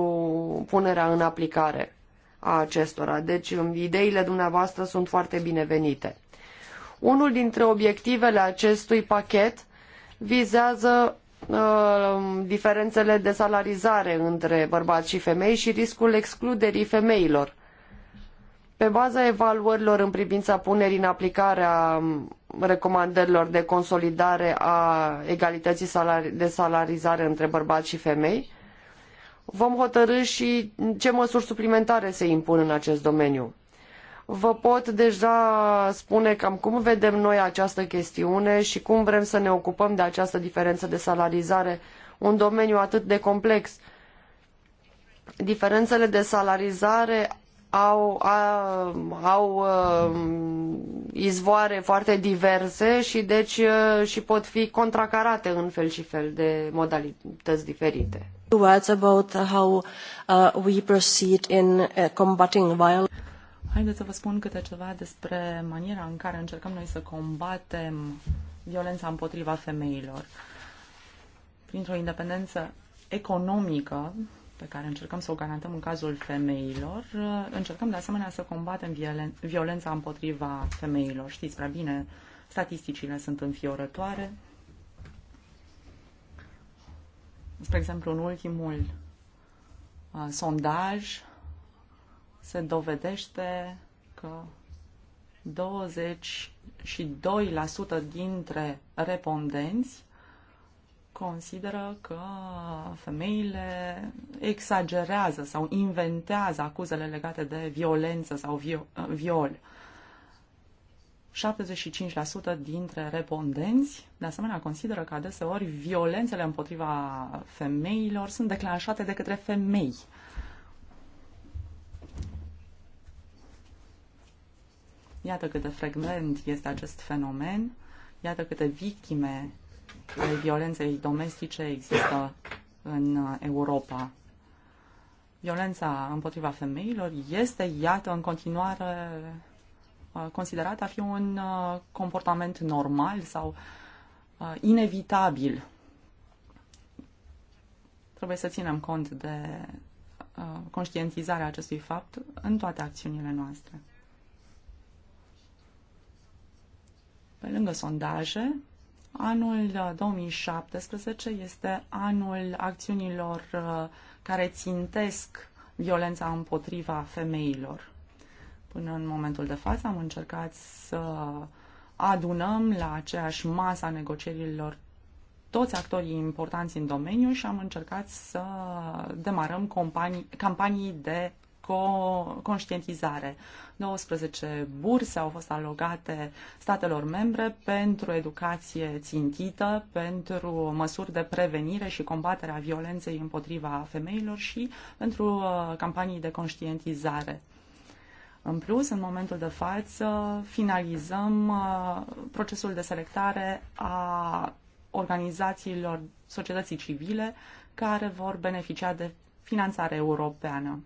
punerea în aplicare a acestora. Deci ideile dumneavoastră sunt foarte binevenite. Unul dintre obiectivele acestui pachet vizează uh, diferențele de salarizare între bărbați și femei și riscul excluderii femeilor. Pe baza evaluărilor în privința punerii în aplicare a recomandărilor de consolidare a egalității de salarizare între bărbați și femei, vom hotărâ și ce măsuri suplimentare se impun în acest domeniu. Vă pot deja spune cam cum vedem noi această chestiune și cum vrem să ne ocupăm de această diferență de salarizare, un domeniu atât de complex. Diferențele de salarizare au, au izvoare foarte diverse și deci și pot fi contracarate în fel și fel de modalități diferite. Words about how uh, we proceed in uh, combating violence.
Haideți să vă spun câte ceva despre maniera în care încercăm noi să combatem violența împotriva femeilor. Printr-o independență economică, pe care încercăm să o garantăm în cazul femeilor. Încercăm de asemenea să combatem violen- violența împotriva femeilor. Știți prea bine, statisticile sunt înfiorătoare. Spre exemplu, în ultimul uh, sondaj se dovedește că 22% dintre respondenți consideră că femeile exagerează sau inventează acuzele legate de violență sau uh, viol. 75% dintre respondenți, de asemenea, consideră că adeseori violențele împotriva femeilor sunt declanșate de către femei. Iată cât de frecvent este acest fenomen, iată câte victime al violenței domestice există în Europa. Violența împotriva femeilor este, iată, în continuare uh, considerată a fi un uh, comportament normal sau uh, inevitabil. Trebuie să ținem cont de conștientizarea acestui fapt în toate acțiunile noastre. Pe lângă sondaje, Anul 2017 uh, este anul acțiunilor uh, care țintesc violența împotriva femeilor. Până în momentul de față am încercat să adunăm la aceeași masă a negocierilor toți actorii importanți în domeniu și am încercat să demarăm companii, campanii de co- conștientizare. 19 burse au fost alocate statelor membre pentru educație țintită, pentru măsuri de prevenire și combaterea violenței împotriva femeilor și pentru uh, campanii de conștientizare. În plus, în momentul de față, finalizăm uh, procesul de selectare a organizațiilor societății civile care vor beneficia de finanțare europeană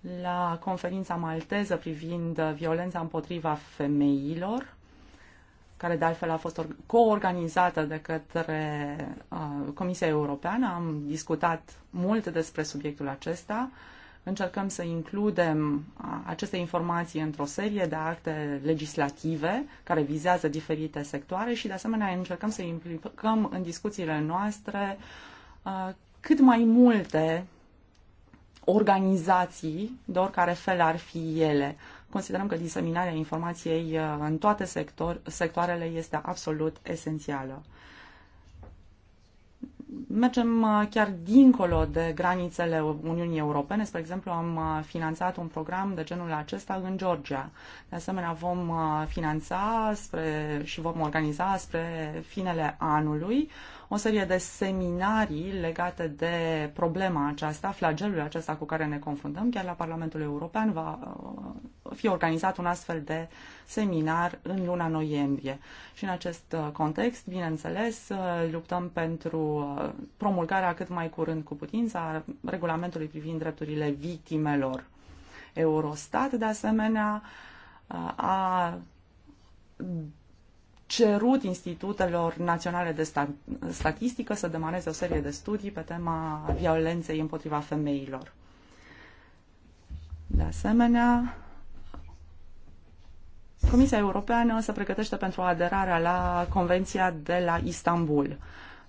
la conferința malteză privind violența împotriva femeilor, care de altfel a fost coorganizată de către uh, Comisia Europeană. Am discutat mult despre subiectul acesta. Încercăm să includem uh, aceste informații într-o serie de acte legislative care vizează diferite sectoare și, de asemenea, încercăm să implicăm în discuțiile noastre uh, cât mai multe organizații, de oricare fel ar fi ele. Considerăm că diseminarea informației uh, în toate sector, sectoarele este absolut esențială. Mergem uh, chiar dincolo de granițele Uniunii Europene. Spre exemplu, am uh, finanțat un program de genul acesta în Georgia. De asemenea, vom finanța spre, și vom organiza spre finele anului uh, o serie de seminarii legate de problema aceasta, flagelul acesta cu care ne confruntăm. Chiar la Parlamentul European va uh, fi organizat un astfel de seminar în luna noiembrie. Și în acest uh, context, bineînțeles, uh, luptăm pentru promulgarea cât mai curând cu putință a regulamentului privind drepturile victimelor. Eurostat, de asemenea, a cerut institutelor naționale de statistică să demareze o serie de studii pe tema violenței împotriva femeilor. De asemenea, Comisia Europeană se pregătește pentru aderarea la Convenția de la Istanbul.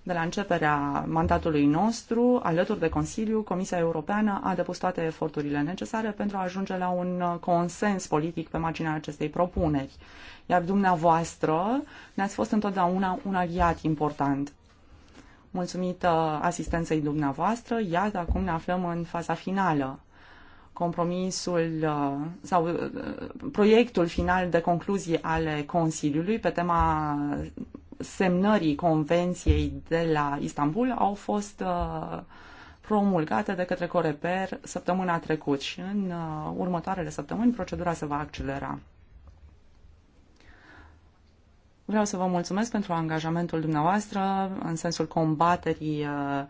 De la începerea mandatului nostru, alături de Consiliu, Comisia Europeană a depus toate eforturile necesare pentru a ajunge la un consens politic pe marginea acestei propuneri. Iar dumneavoastră ne-ați fost întotdeauna un aliat important. Mulțumită asistenței dumneavoastră, iată acum ne aflăm în faza finală compromisul uh, sau uh, proiectul final de concluzie ale Consiliului pe tema semnării Convenției de la Istanbul au fost uh, promulgate de către Coreper săptămâna trecut și în uh, următoarele săptămâni procedura se va accelera. Vreau să vă mulțumesc pentru angajamentul dumneavoastră în sensul combaterii uh,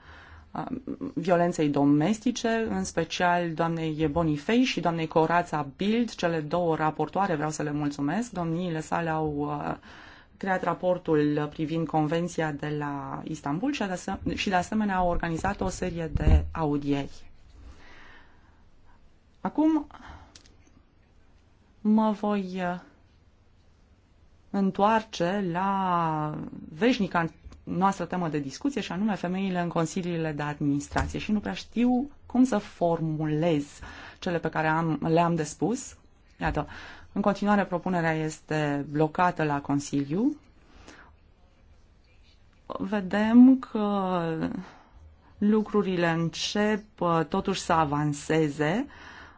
violenței domestice, în special doamnei Bonifei și doamnei Corața Bild, cele două raportoare, vreau să le mulțumesc. Domniile sale au uh, creat raportul privind Convenția de la Istanbul și de asemenea a organizat o serie de audieri. Acum mă voi uh, întoarce la veșnica noastră temă de discuție și anume femeile în consiliile de administrație și nu prea știu cum să formulez cele pe care am, le-am de spus. Iată, uh, în continuare, propunerea este blocată la Consiliu. Vedem că lucrurile încep totuși să avanseze.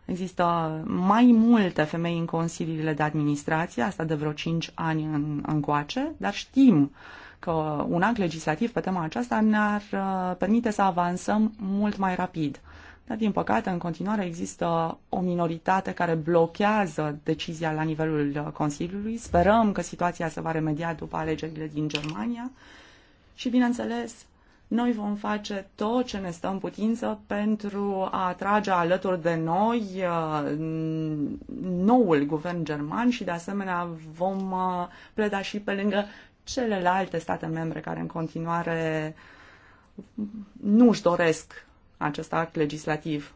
Există mai multe femei în consiliile de administrație, asta de vreo 5 ani în, încoace, dar știm că un act legislativ pe tema aceasta ne-ar uh, permite să avansăm mult mai rapid dar din păcate în continuare există o minoritate care blochează decizia la nivelul uh, Consiliului. Sperăm că situația se va remedia după alegerile din Germania și, bineînțeles, noi vom face tot ce ne stă în putință pentru a atrage alături de noi uh, noul guvern german și, de asemenea, vom uh, pleda și pe lângă celelalte state membre care în continuare nu își doresc acest act legislativ.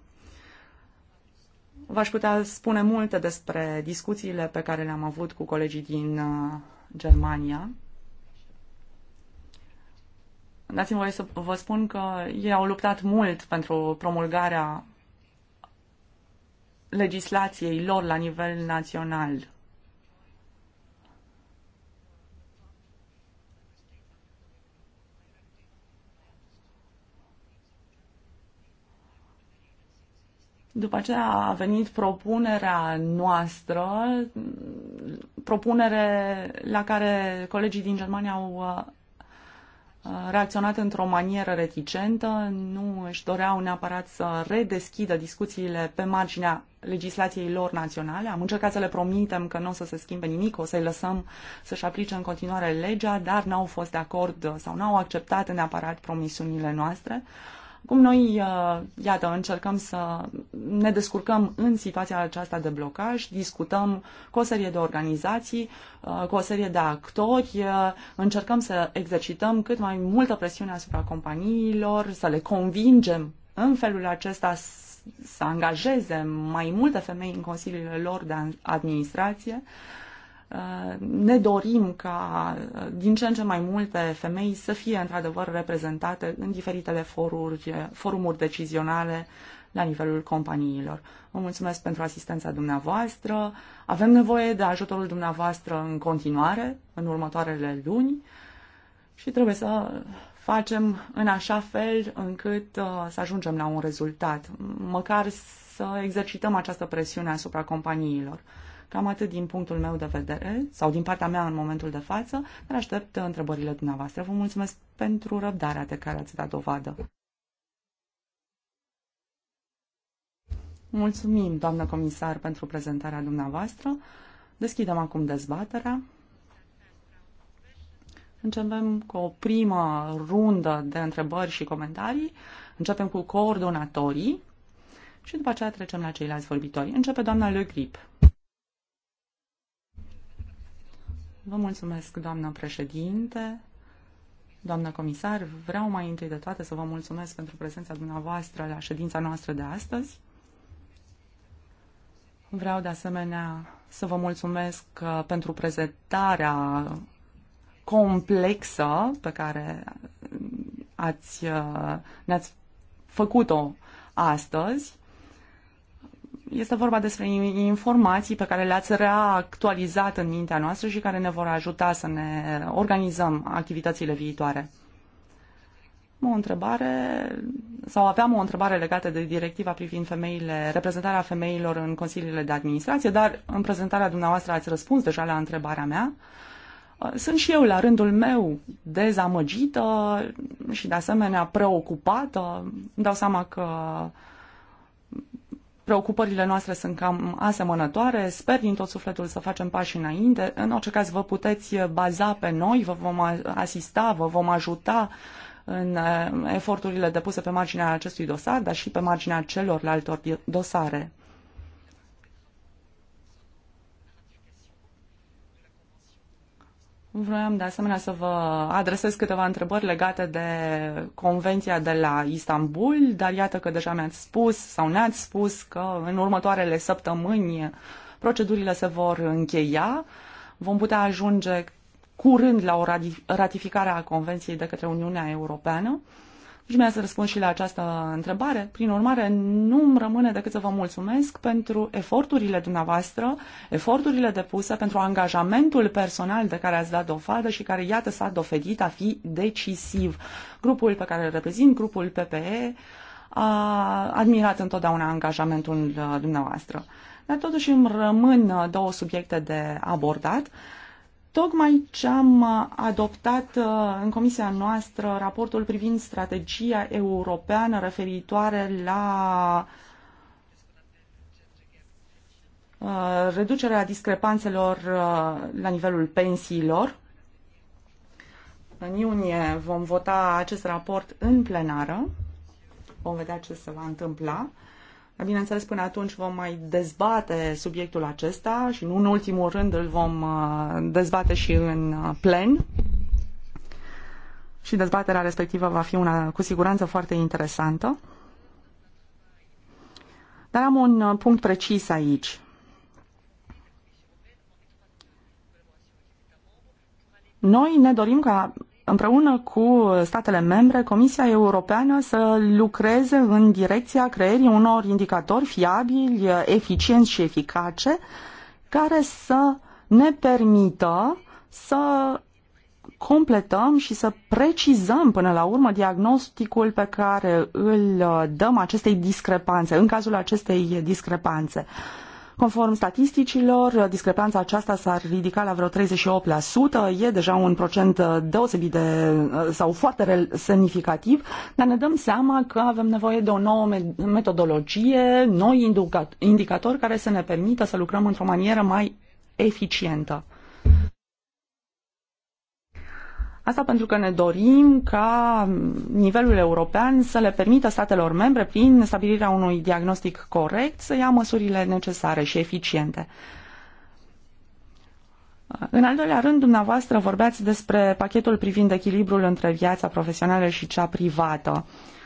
V-aș putea spune multe despre discuțiile pe care le-am avut cu colegii din uh, Germania. Dați-mi voie să vă spun că ei au luptat mult pentru promulgarea legislației lor la nivel național. După aceea a venit propunerea noastră, propunere la care colegii din Germania au uh, uh, reacționat într-o manieră reticentă, nu își doreau neapărat să redeschidă discuțiile pe marginea legislației lor naționale. Am încercat să le promitem că nu o să se schimbe nimic, o să-i lăsăm să-și aplice în continuare legea, dar n-au fost de acord sau n-au acceptat neapărat promisiunile noastre. Acum noi, uh, iată, încercăm să ne descurcăm în situația aceasta de blocaj, discutăm cu o serie de organizații, uh, cu o serie de actori, uh, încercăm să exercităm cât mai multă presiune asupra companiilor, să le convingem în felul acesta să angajeze mai multe femei în consiliile lor de administrație. Uh, ne dorim ca uh, din ce în ce mai multe femei să fie într-adevăr reprezentate în diferitele foruri, forumuri decizionale la nivelul companiilor. Vă mulțumesc pentru asistența dumneavoastră. Avem nevoie de ajutorul dumneavoastră în continuare, în următoarele luni și trebuie să facem în așa fel încât uh, să ajungem la un rezultat, măcar să exercităm această presiune asupra companiilor. Cam atât din punctul meu de vedere, sau din partea mea în momentul de față, dar aștept întrebările dumneavoastră. Vă mulțumesc pentru răbdarea de care ați dat dovadă. Mulțumim, doamnă comisar, pentru prezentarea dumneavoastră. Deschidem acum dezbaterea. Începem cu o primă rundă de întrebări și comentarii. Începem cu coordonatorii și după aceea trecem la ceilalți vorbitori. Începe doamna Le Grip. Vă mulțumesc, doamna președinte, doamna comisar. Vreau mai întâi de toate să vă mulțumesc pentru prezența dumneavoastră la ședința noastră de astăzi. Vreau de asemenea să vă mulțumesc uh, pentru prezentarea complexă pe care ați, uh, ne-ați făcut-o astăzi. Este vorba despre informații pe care le-ați reactualizat în mintea noastră și care ne vor ajuta să ne organizăm activitățile viitoare. o întrebare, sau aveam o întrebare legată de directiva privind femeile, reprezentarea femeilor în consiliile de administrație, dar în prezentarea dumneavoastră ați răspuns deja la întrebarea mea. Sunt și eu, la rândul meu, dezamăgită și, de asemenea, preocupată. Îmi dau seama că uh, preocupările noastre sunt cam asemănătoare. Sper din tot sufletul să facem pași înainte. În orice caz, vă puteți baza pe noi, vă vom asista, vă vom ajuta în uh, eforturile depuse pe marginea acestui dosar, dar și pe marginea celorlalte dosare. Vroiam de asemenea să vă adresez câteva întrebări legate de Convenția de la Istanbul, dar iată că deja mi-ați spus sau ne-ați spus că în următoarele săptămâni procedurile se vor încheia. Vom putea ajunge curând la o ratificare a Convenției de către Uniunea Europeană. Uh, Aș vrea să răspund și la această întrebare. Prin urmare, nu îmi rămâne decât să vă mulțumesc pentru eforturile dumneavoastră, eforturile depuse, pentru angajamentul personal de care ați dat dovadă și care, iată, s-a dovedit a fi decisiv. Grupul pe care îl reprezint, grupul PPE, a admirat întotdeauna angajamentul uh, dumneavoastră. Dar totuși îmi rămân uh, două subiecte de abordat. Tocmai ce am uh, adoptat uh, în comisia noastră raportul privind strategia europeană referitoare la uh, reducerea discrepanțelor la nivelul pensiilor. În iunie vom vota acest raport în plenară. Vom vedea ce se va întâmpla. Bineînțeles, până atunci vom mai dezbate subiectul acesta și nu în ultimul rând îl vom uh, dezbate și în uh, plen. Și dezbaterea respectivă va fi una cu siguranță foarte interesantă. Dar am un uh, punct precis aici. Noi ne dorim ca împreună cu statele membre, Comisia Europeană să lucreze în direcția creierii unor indicatori fiabili, eficienți și eficace, care să ne permită să completăm și să precizăm până la urmă diagnosticul pe care îl dăm acestei discrepanțe, în cazul acestei discrepanțe. Uh, Conform statisticilor, discrepanța aceasta s-ar ridica la vreo 38%, e deja un procent uh, deosebit de, uh, sau foarte semnificativ, dar ne dăm seama că avem nevoie de o nouă metodologie, noi indicatori care să ne permită să lucrăm într-o manieră mai eficientă. Asta pentru că ne dorim ca nivelul european să le permită statelor membre, prin stabilirea unui diagnostic corect, să ia măsurile necesare și eficiente. În al doilea rând, dumneavoastră vorbeați despre pachetul privind echilibrul între viața profesională și cea privată.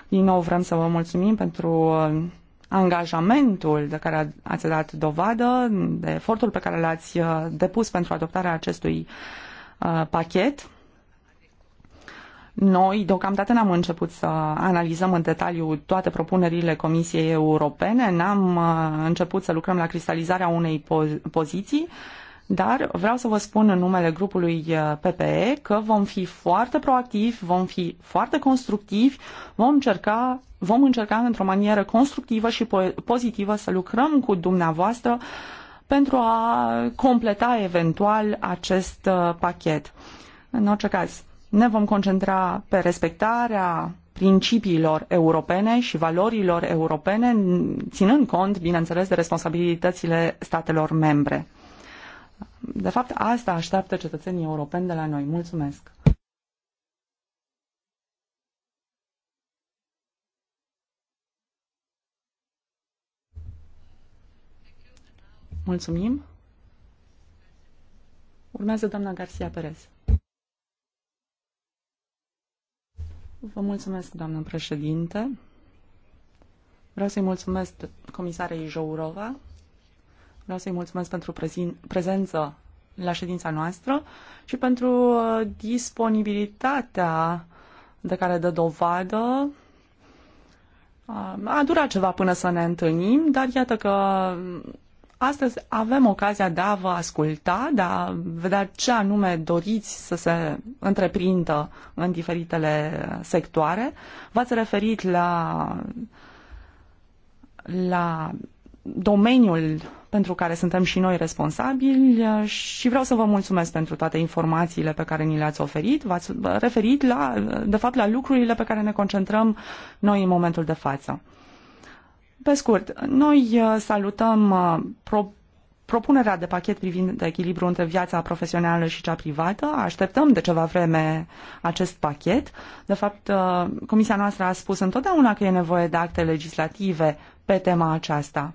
Din nou vrem să vă mulțumim pentru uh, angajamentul de care ați dat dovadă, de efortul pe care l-ați uh, depus pentru adoptarea acestui uh, pachet. Noi deocamdată n-am început să analizăm în detaliu toate propunerile Comisiei Europene, n-am uh, început să lucrăm la cristalizarea unei poziții, dar vreau să vă spun în numele grupului uh, PPE că vom fi foarte proactivi, vom fi foarte constructivi, vom încerca, vom încerca într-o manieră constructivă și pozitivă să lucrăm cu dumneavoastră pentru a completa eventual acest uh, pachet. În orice caz, ne vom concentra pe respectarea principiilor europene și valorilor europene, ținând cont, bineînțeles, de responsabilitățile statelor membre. De fapt, asta așteaptă cetățenii europeni de la noi. Mulțumesc! Mulțumim! Urmează doamna Garcia Perez. Vă mulțumesc, doamnă președinte. Vreau să-i mulțumesc comisarei Jourova. Vreau să-i mulțumesc pentru prezență la ședința noastră și pentru uh, disponibilitatea de care dă dovadă. Uh, a durat ceva până să ne întâlnim, dar iată că Astăzi avem ocazia de a vă asculta, de a vedea ce anume doriți să se întreprindă în diferitele sectoare. V-ați referit la, la domeniul pentru care suntem și noi responsabili și vreau să vă mulțumesc pentru toate informațiile pe care ni le-ați oferit. V-ați referit, la, de fapt, la lucrurile pe care ne concentrăm noi în momentul de față. Pe scurt, noi uh, salutăm uh, pro- propunerea de pachet privind echilibru între viața profesională și cea privată. Așteptăm de ceva vreme acest pachet. De fapt, uh, comisia noastră a spus întotdeauna că e nevoie de acte legislative pe tema aceasta.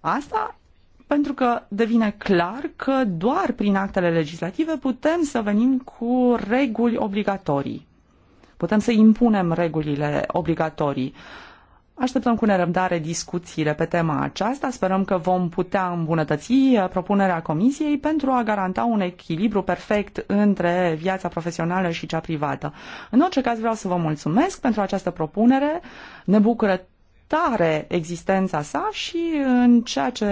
Asta pentru că devine clar că doar prin actele legislative putem să venim cu reguli obligatorii. Putem să impunem regulile obligatorii. Uh, Așteptăm cu nerăbdare discuțiile pe tema aceasta. Sperăm că vom putea îmbunătăți uh, propunerea Comisiei pentru a garanta un echilibru perfect între viața profesională și cea privată. În orice caz vreau să vă mulțumesc pentru această propunere. Ne bucură tare existența sa și în, ceea ce,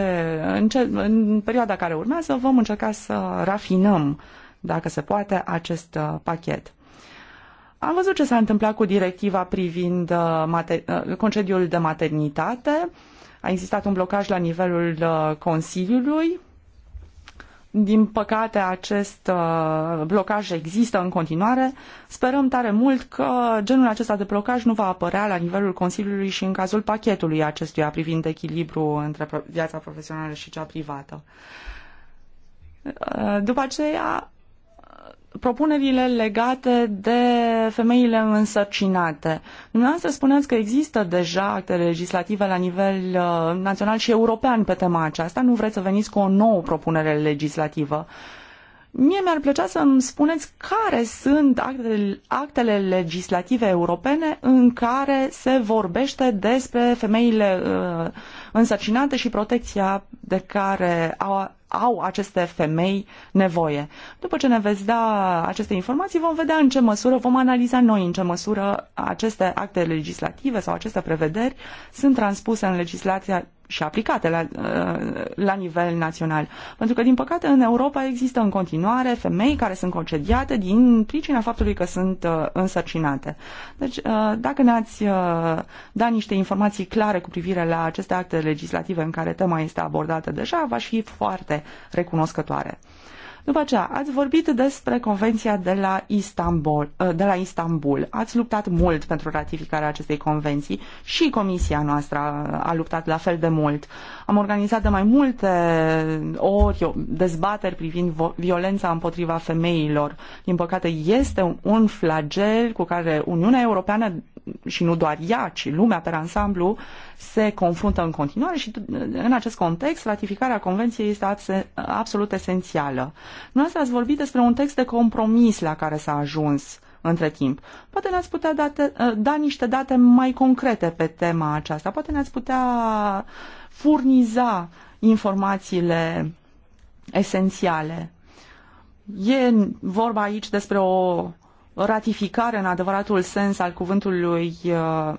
în, ce, în perioada care urmează vom încerca să rafinăm, dacă se poate, acest uh, pachet. Am văzut ce s-a întâmplat cu directiva privind uh, uh, concediul de maternitate. A existat un blocaj la nivelul uh, Consiliului. Din păcate, acest blocaj există în continuare. Sperăm tare mult că genul acesta de blocaj nu va apărea la nivelul Consiliului și în cazul pachetului acestuia privind echilibru între viața profesională și cea privată. După aceea, propunerile legate de femeile însărcinate. Dumneavoastră spuneți că există deja acte legislative la nivel uh, național și european pe tema aceasta. Nu vreți să veniți cu o nouă propunere legislativă. Mie mi-ar plăcea să îmi spuneți care sunt actele, legislative europene în care se vorbește despre femeile uh, însărcinate și protecția de care au au aceste femei nevoie. După ce ne veți da aceste informații, vom vedea în ce măsură, vom analiza noi în ce măsură aceste acte legislative sau aceste prevederi sunt transpuse în legislația și aplicate la, uh, la nivel național. Pentru că, din păcate, în Europa există în continuare femei care sunt concediate din pricina faptului că sunt uh, însărcinate. Deci, uh, dacă ne-ați da niște informații clare cu privire la aceste acte legislative în care tema este abordată deja, v-aș fi foarte recunoscătoare. După aceea, ați vorbit despre Convenția de la, Istanbul, uh, de la Istanbul. Ați luptat mult pentru ratificarea acestei convenții și comisia noastră a luptat la fel de mult. Am organizat de mai multe ori dezbateri privind violența împotriva femeilor. Din păcate, este un flagel cu care Uniunea Europeană și nu doar ea, ci lumea pe ansamblu se confruntă în continuare și în acest context ratificarea convenției este absolut esențială. Noastră ați vorbit despre un text de compromis la care s-a ajuns între timp. Poate ne-ați putea date, da niște date mai concrete pe tema aceasta, poate ne-ați putea furniza informațiile esențiale. E vorba aici despre o ratificare în adevăratul sens al cuvântului uh,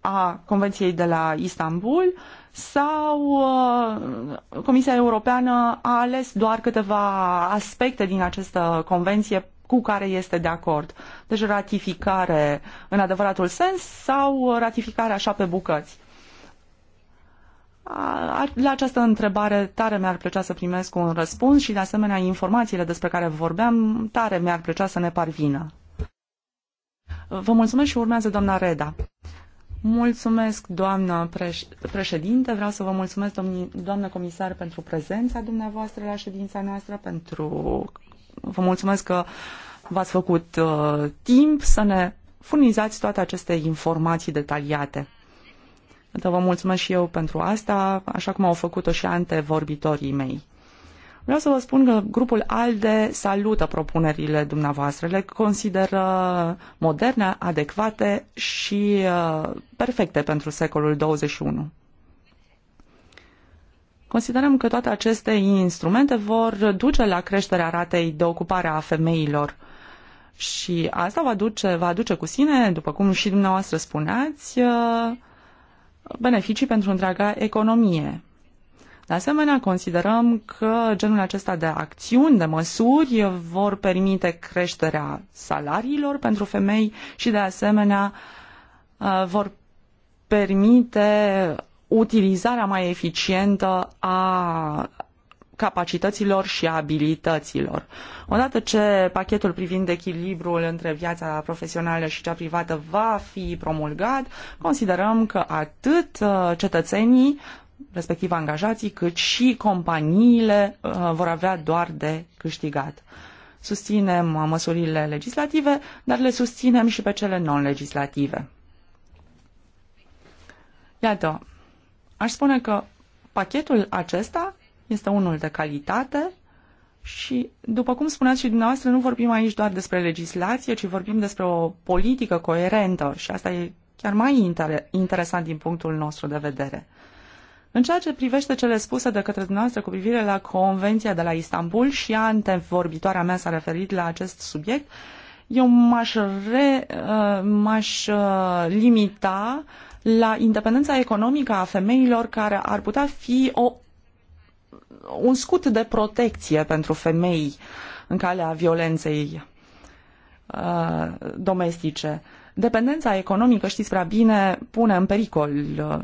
a Convenției de la Istanbul sau uh, Comisia Europeană a ales doar câteva aspecte din această convenție cu care este de acord. Deci ratificare în adevăratul sens sau ratificare așa pe bucăți. la această întrebare tare mi-ar plăcea să primesc un răspuns și de asemenea informațiile despre care vorbeam tare mi-ar plăcea să ne parvină. Vă mulțumesc și urmează doamna Reda. Mulțumesc, doamnă președinte, vreau să vă mulțumesc, doamnă comisar, pentru prezența dumneavoastră la ședința noastră, pentru... Vă mulțumesc că v-ați făcut uh, timp să ne furnizați toate aceste informații detaliate. Vă mulțumesc și eu pentru asta, așa cum au făcut-o și vorbitorii mei. Vreau să vă spun că grupul ALDE salută propunerile dumneavoastră, le consideră moderne, adecvate și uh, perfecte pentru secolul 21. Considerăm că toate aceste instrumente vor duce la creșterea ratei de ocupare a femeilor și asta va, duce, va duce cu sine, după cum și dumneavoastră spuneați, uh, beneficii pentru întreaga economie. De asemenea, considerăm că genul acesta de acțiuni, de măsuri, vor permite creșterea salariilor pentru femei și, de asemenea, uh, vor permite utilizarea mai eficientă a capacităților și abilităților. Odată ce pachetul privind echilibrul între viața profesională și cea privată va fi promulgat, considerăm că atât uh, cetățenii respectiv angajații, cât și companiile uh, vor avea doar de câștigat. Susținem uh, măsurile legislative, dar le susținem și pe cele non-legislative. Iată, aș spune că pachetul acesta este unul de calitate și, după cum spuneați și dumneavoastră, nu vorbim aici doar despre legislație, ci vorbim despre o politică coerentă și asta e chiar mai inter- interesant din punctul nostru de vedere. În ceea ce privește cele spuse de către dumneavoastră cu privire la Convenția de la Istanbul și antevorbitoarea mea s-a referit la acest subiect, eu m-aș, re, uh, m-aș uh, limita la independența economică a femeilor care ar putea fi o, un scut de protecție pentru femei în calea violenței uh, domestice. Dependența economică, știți prea bine, pune în pericol, uh,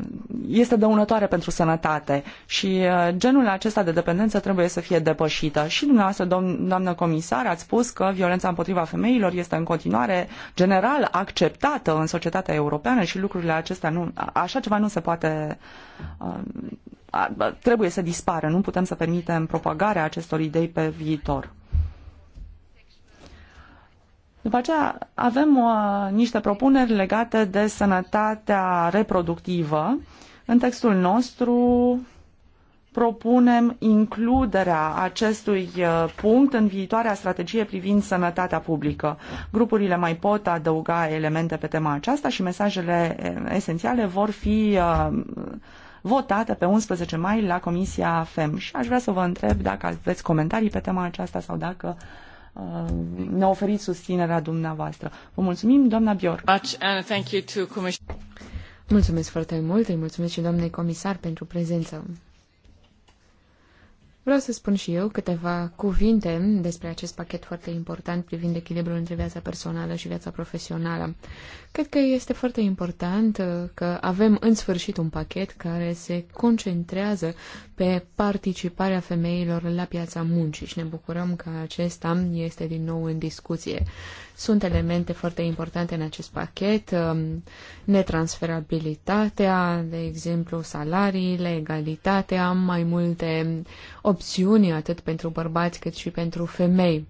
este dăunătoare pentru sănătate și uh, genul acesta de dependență trebuie să fie depășită. Și dumneavoastră, domn, doamnă comisar, ați spus că violența împotriva femeilor este în continuare general acceptată în societatea europeană și lucrurile acestea nu, așa ceva nu se poate uh, trebuie să dispară. Nu putem să permitem propagarea acestor idei pe viitor. După aceea avem uh, niște propuneri legate de sănătatea reproductivă. În textul nostru propunem includerea acestui uh, punct în viitoarea strategie privind sănătatea publică. Grupurile mai pot adăuga elemente pe tema aceasta și mesajele uh, esențiale vor fi uh, votate pe 11 mai la Comisia FEM. Și aș vrea să vă întreb dacă aveți comentarii pe tema aceasta sau dacă Uh, ne oferiți susținerea dumneavoastră. Vă mulțumim, doamna Bior.
Mulțumesc foarte mult, îi mulțumesc și doamnei comisar pentru prezență. Vreau să spun și eu câteva cuvinte despre acest pachet foarte important privind echilibrul între viața personală și viața profesională. Cred că este foarte important uh, că avem în sfârșit un pachet care se concentrează pe participarea femeilor la piața muncii și ne bucurăm că acesta este din nou în discuție. Sunt elemente foarte importante în acest pachet, um, netransferabilitatea, de exemplu salariile, egalitatea, mai multe opțiuni atât pentru bărbați cât și pentru femei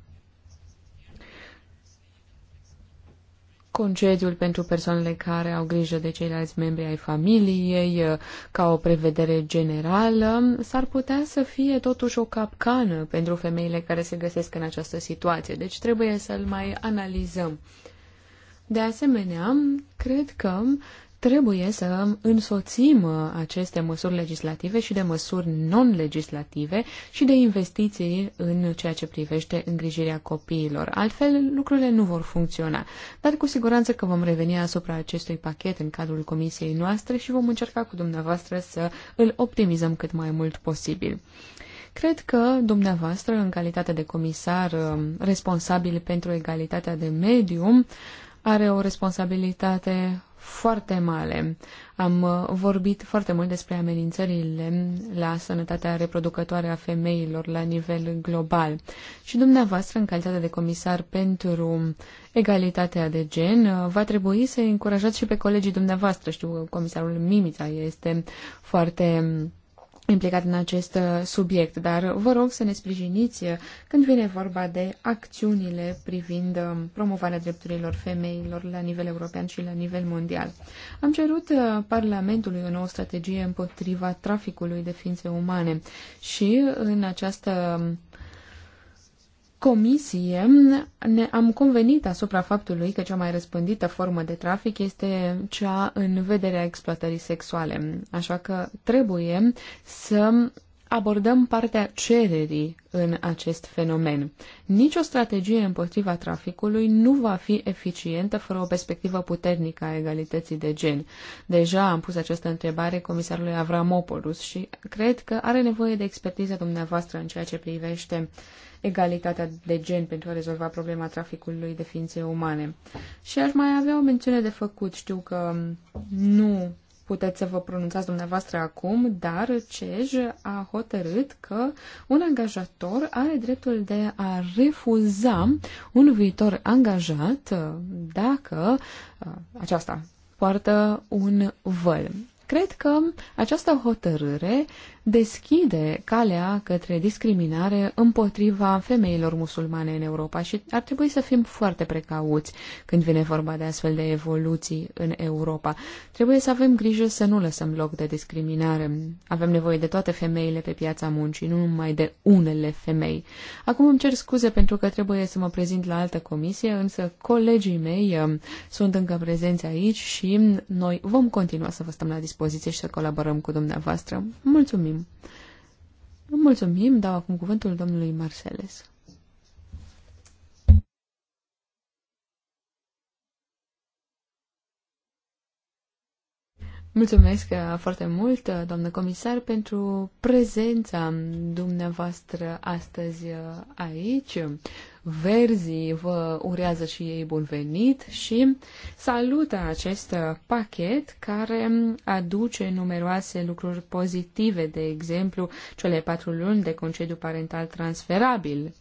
concediul pentru persoanele care au grijă de ceilalți membri ai familiei uh, ca o prevedere generală, s-ar putea să fie totuși o capcană pentru femeile care se găsesc în această situație, deci trebuie să-l mai analizăm. De asemenea, cred că Trebuie să însoțim uh, aceste măsuri legislative și de măsuri non-legislative și de investiții în ceea ce privește îngrijirea copiilor. Altfel, lucrurile nu vor funcționa. Dar cu siguranță că vom reveni asupra acestui pachet în cadrul comisiei noastre și vom încerca cu dumneavoastră să îl optimizăm cât mai mult posibil. Cred că dumneavoastră, în calitate de comisar uh, responsabil pentru egalitatea de mediu, are o responsabilitate foarte mare. Am uh, vorbit foarte mult despre amenințările la sănătatea reproducătoare a femeilor la nivel global. Și dumneavoastră, în calitate de comisar pentru egalitatea de gen, uh, va trebui să încurajați și pe colegii dumneavoastră. Știu că comisarul Mimita este foarte implicat în acest uh, subiect, dar vă rog să ne sprijiniți uh, când vine vorba de acțiunile privind um, promovarea drepturilor femeilor la nivel european și la nivel mondial. Am cerut uh, Parlamentului o nouă strategie împotriva traficului de ființe umane și în această um, comisie ne am convenit asupra faptului că cea mai răspândită formă de trafic este cea în vederea exploatării sexuale. Așa că trebuie să abordăm partea cererii în acest fenomen. Nici o strategie împotriva traficului nu va fi eficientă fără o perspectivă puternică a egalității de gen. Deja am pus această întrebare comisarului Avramopoulos și cred că are nevoie de expertiza dumneavoastră în ceea ce privește egalitatea de gen pentru a rezolva problema traficului de ființe umane. Și aș mai avea o mențiune de făcut. Știu că nu puteți să vă pronunțați dumneavoastră acum, dar CEJ a hotărât că un angajator are dreptul de a refuza un viitor angajat uh, dacă uh, aceasta poartă un văl. Cred că această hotărâre deschide calea către discriminare împotriva femeilor musulmane în Europa și ar trebui să fim foarte precauți când vine vorba de astfel de evoluții în Europa. Trebuie să avem grijă să nu lăsăm loc de discriminare. Avem nevoie de toate femeile pe piața muncii, nu numai de unele femei. Acum îmi cer scuze pentru că trebuie să mă prezint la altă comisie, însă colegii mei um, sunt încă prezenți aici și noi vom continua să vă stăm la dispoziție și să colaborăm cu dumneavoastră. Mulțumim! mulțumim. Mulțumim, dau acum cuvântul domnului Marceles. Mulțumesc foarte mult, doamnă comisar, pentru prezența dumneavoastră astăzi aici. Verzii vă urează și ei bun venit și salută acest pachet care aduce numeroase lucruri pozitive, de exemplu, cele patru luni de concediu parental transferabil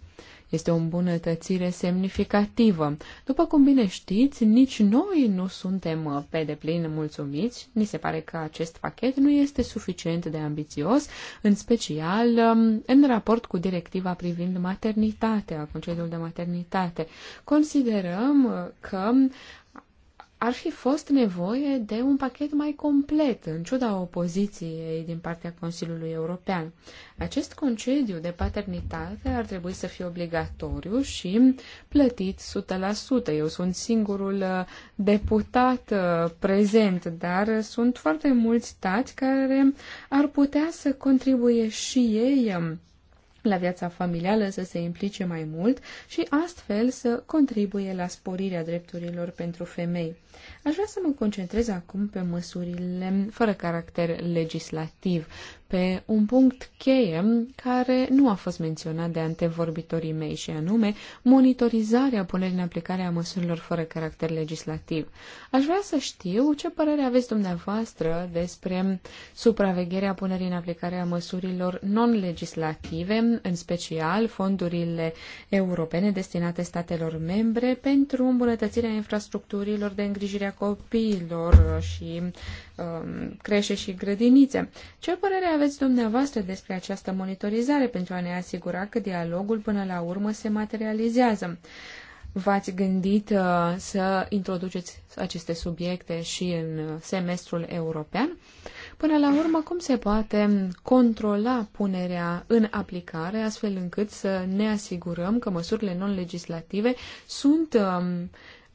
este o îmbunătățire semnificativă. După cum bine știți, nici noi nu suntem uh, pe deplin mulțumiți. Ni se pare că acest pachet nu este suficient de ambițios, în special um, în raport cu directiva privind maternitatea, concediul de maternitate. Considerăm uh, că ar fi fost nevoie de un pachet mai complet, în ciuda opoziției din partea Consiliului European. Acest concediu de paternitate ar trebui să fie obligatoriu și plătit 100%. Eu sunt singurul uh, deputat uh, prezent, dar sunt foarte mulți tați care ar putea să contribuie și ei um, la viața familială să se implice mai mult și astfel să contribuie la sporirea drepturilor pentru femei. Aș vrea să mă concentrez acum pe măsurile fără caracter legislativ, pe un punct cheie care nu a fost menționat de antevorbitorii mei și anume monitorizarea punerii în aplicare a măsurilor fără caracter legislativ. Aș vrea să știu ce părere aveți dumneavoastră despre supravegherea punerii în aplicare a măsurilor non-legislative, în special fondurile europene destinate statelor membre pentru îmbunătățirea infrastructurilor de îngrijire a copiilor și um, creșe și grădinițe. Ce părere aveți dumneavoastră despre această monitorizare pentru a ne asigura că dialogul până la urmă se materializează? V-ați gândit uh, să introduceți aceste subiecte și în semestrul european? Până la urmă, cum se poate controla punerea în aplicare, astfel încât să ne asigurăm că măsurile non-legislative sunt um,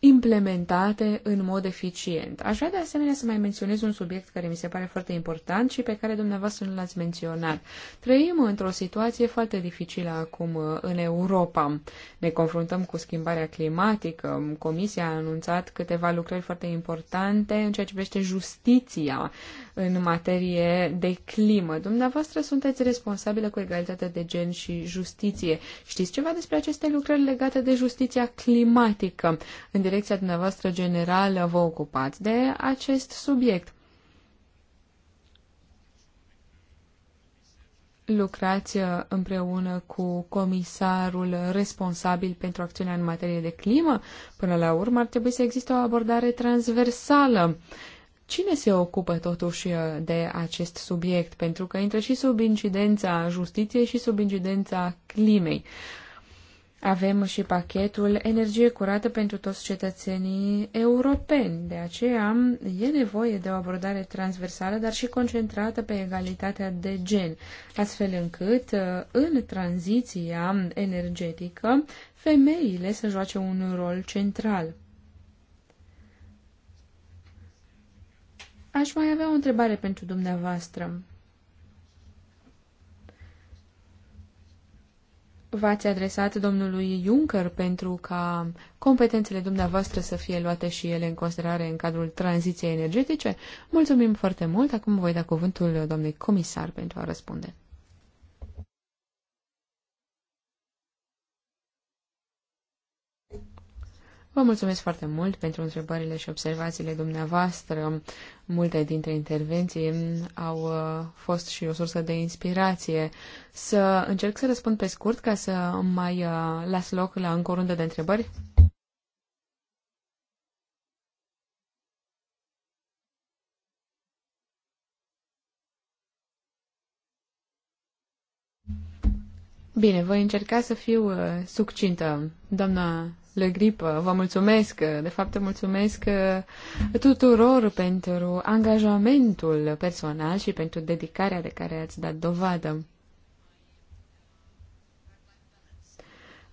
implementate în mod eficient. Aș vrea de asemenea să mai menționez un subiect care mi se pare foarte important și pe care dumneavoastră nu l-ați menționat. Trăim într-o situație foarte dificilă acum uh, în Europa. Ne confruntăm cu schimbarea climatică. Comisia a anunțat câteva lucrări foarte importante în ceea ce privește justiția în materie de climă. Dumneavoastră sunteți responsabilă cu egalitatea de gen și justiție. Știți ceva despre aceste lucrări legate de justiția climatică? În direcția dumneavoastră generală vă ocupați de acest subiect. lucrați uh, împreună cu comisarul responsabil pentru acțiunea în materie de climă? Până la urmă ar trebui să existe o abordare transversală Cine se ocupă totuși uh, de acest subiect? Pentru că intră și sub incidența justiției și sub incidența climei. Avem și pachetul energie curată pentru toți cetățenii europeni. De aceea e nevoie de o abordare transversală, dar și concentrată pe egalitatea de gen, astfel încât uh, în tranziția energetică femeile să joace un rol central. Aș mai avea o întrebare pentru dumneavoastră. V-ați adresat domnului Juncker pentru ca competențele dumneavoastră să fie luate și ele în considerare în cadrul tranziției energetice? Mulțumim foarte mult. Acum voi da cuvântul domnului comisar pentru a răspunde. Vă mulțumesc foarte mult pentru întrebările și observațiile dumneavoastră. Multe dintre intervenții au uh, fost și o sursă de inspirație. Să încerc să răspund pe scurt ca să mai uh, las loc la încă o rundă de întrebări. Bine, voi încerca să fiu uh, succintă. Doamna le gripă. Vă mulțumesc, de fapt mulțumesc uh, tuturor pentru angajamentul personal și pentru dedicarea de care ați dat dovadă.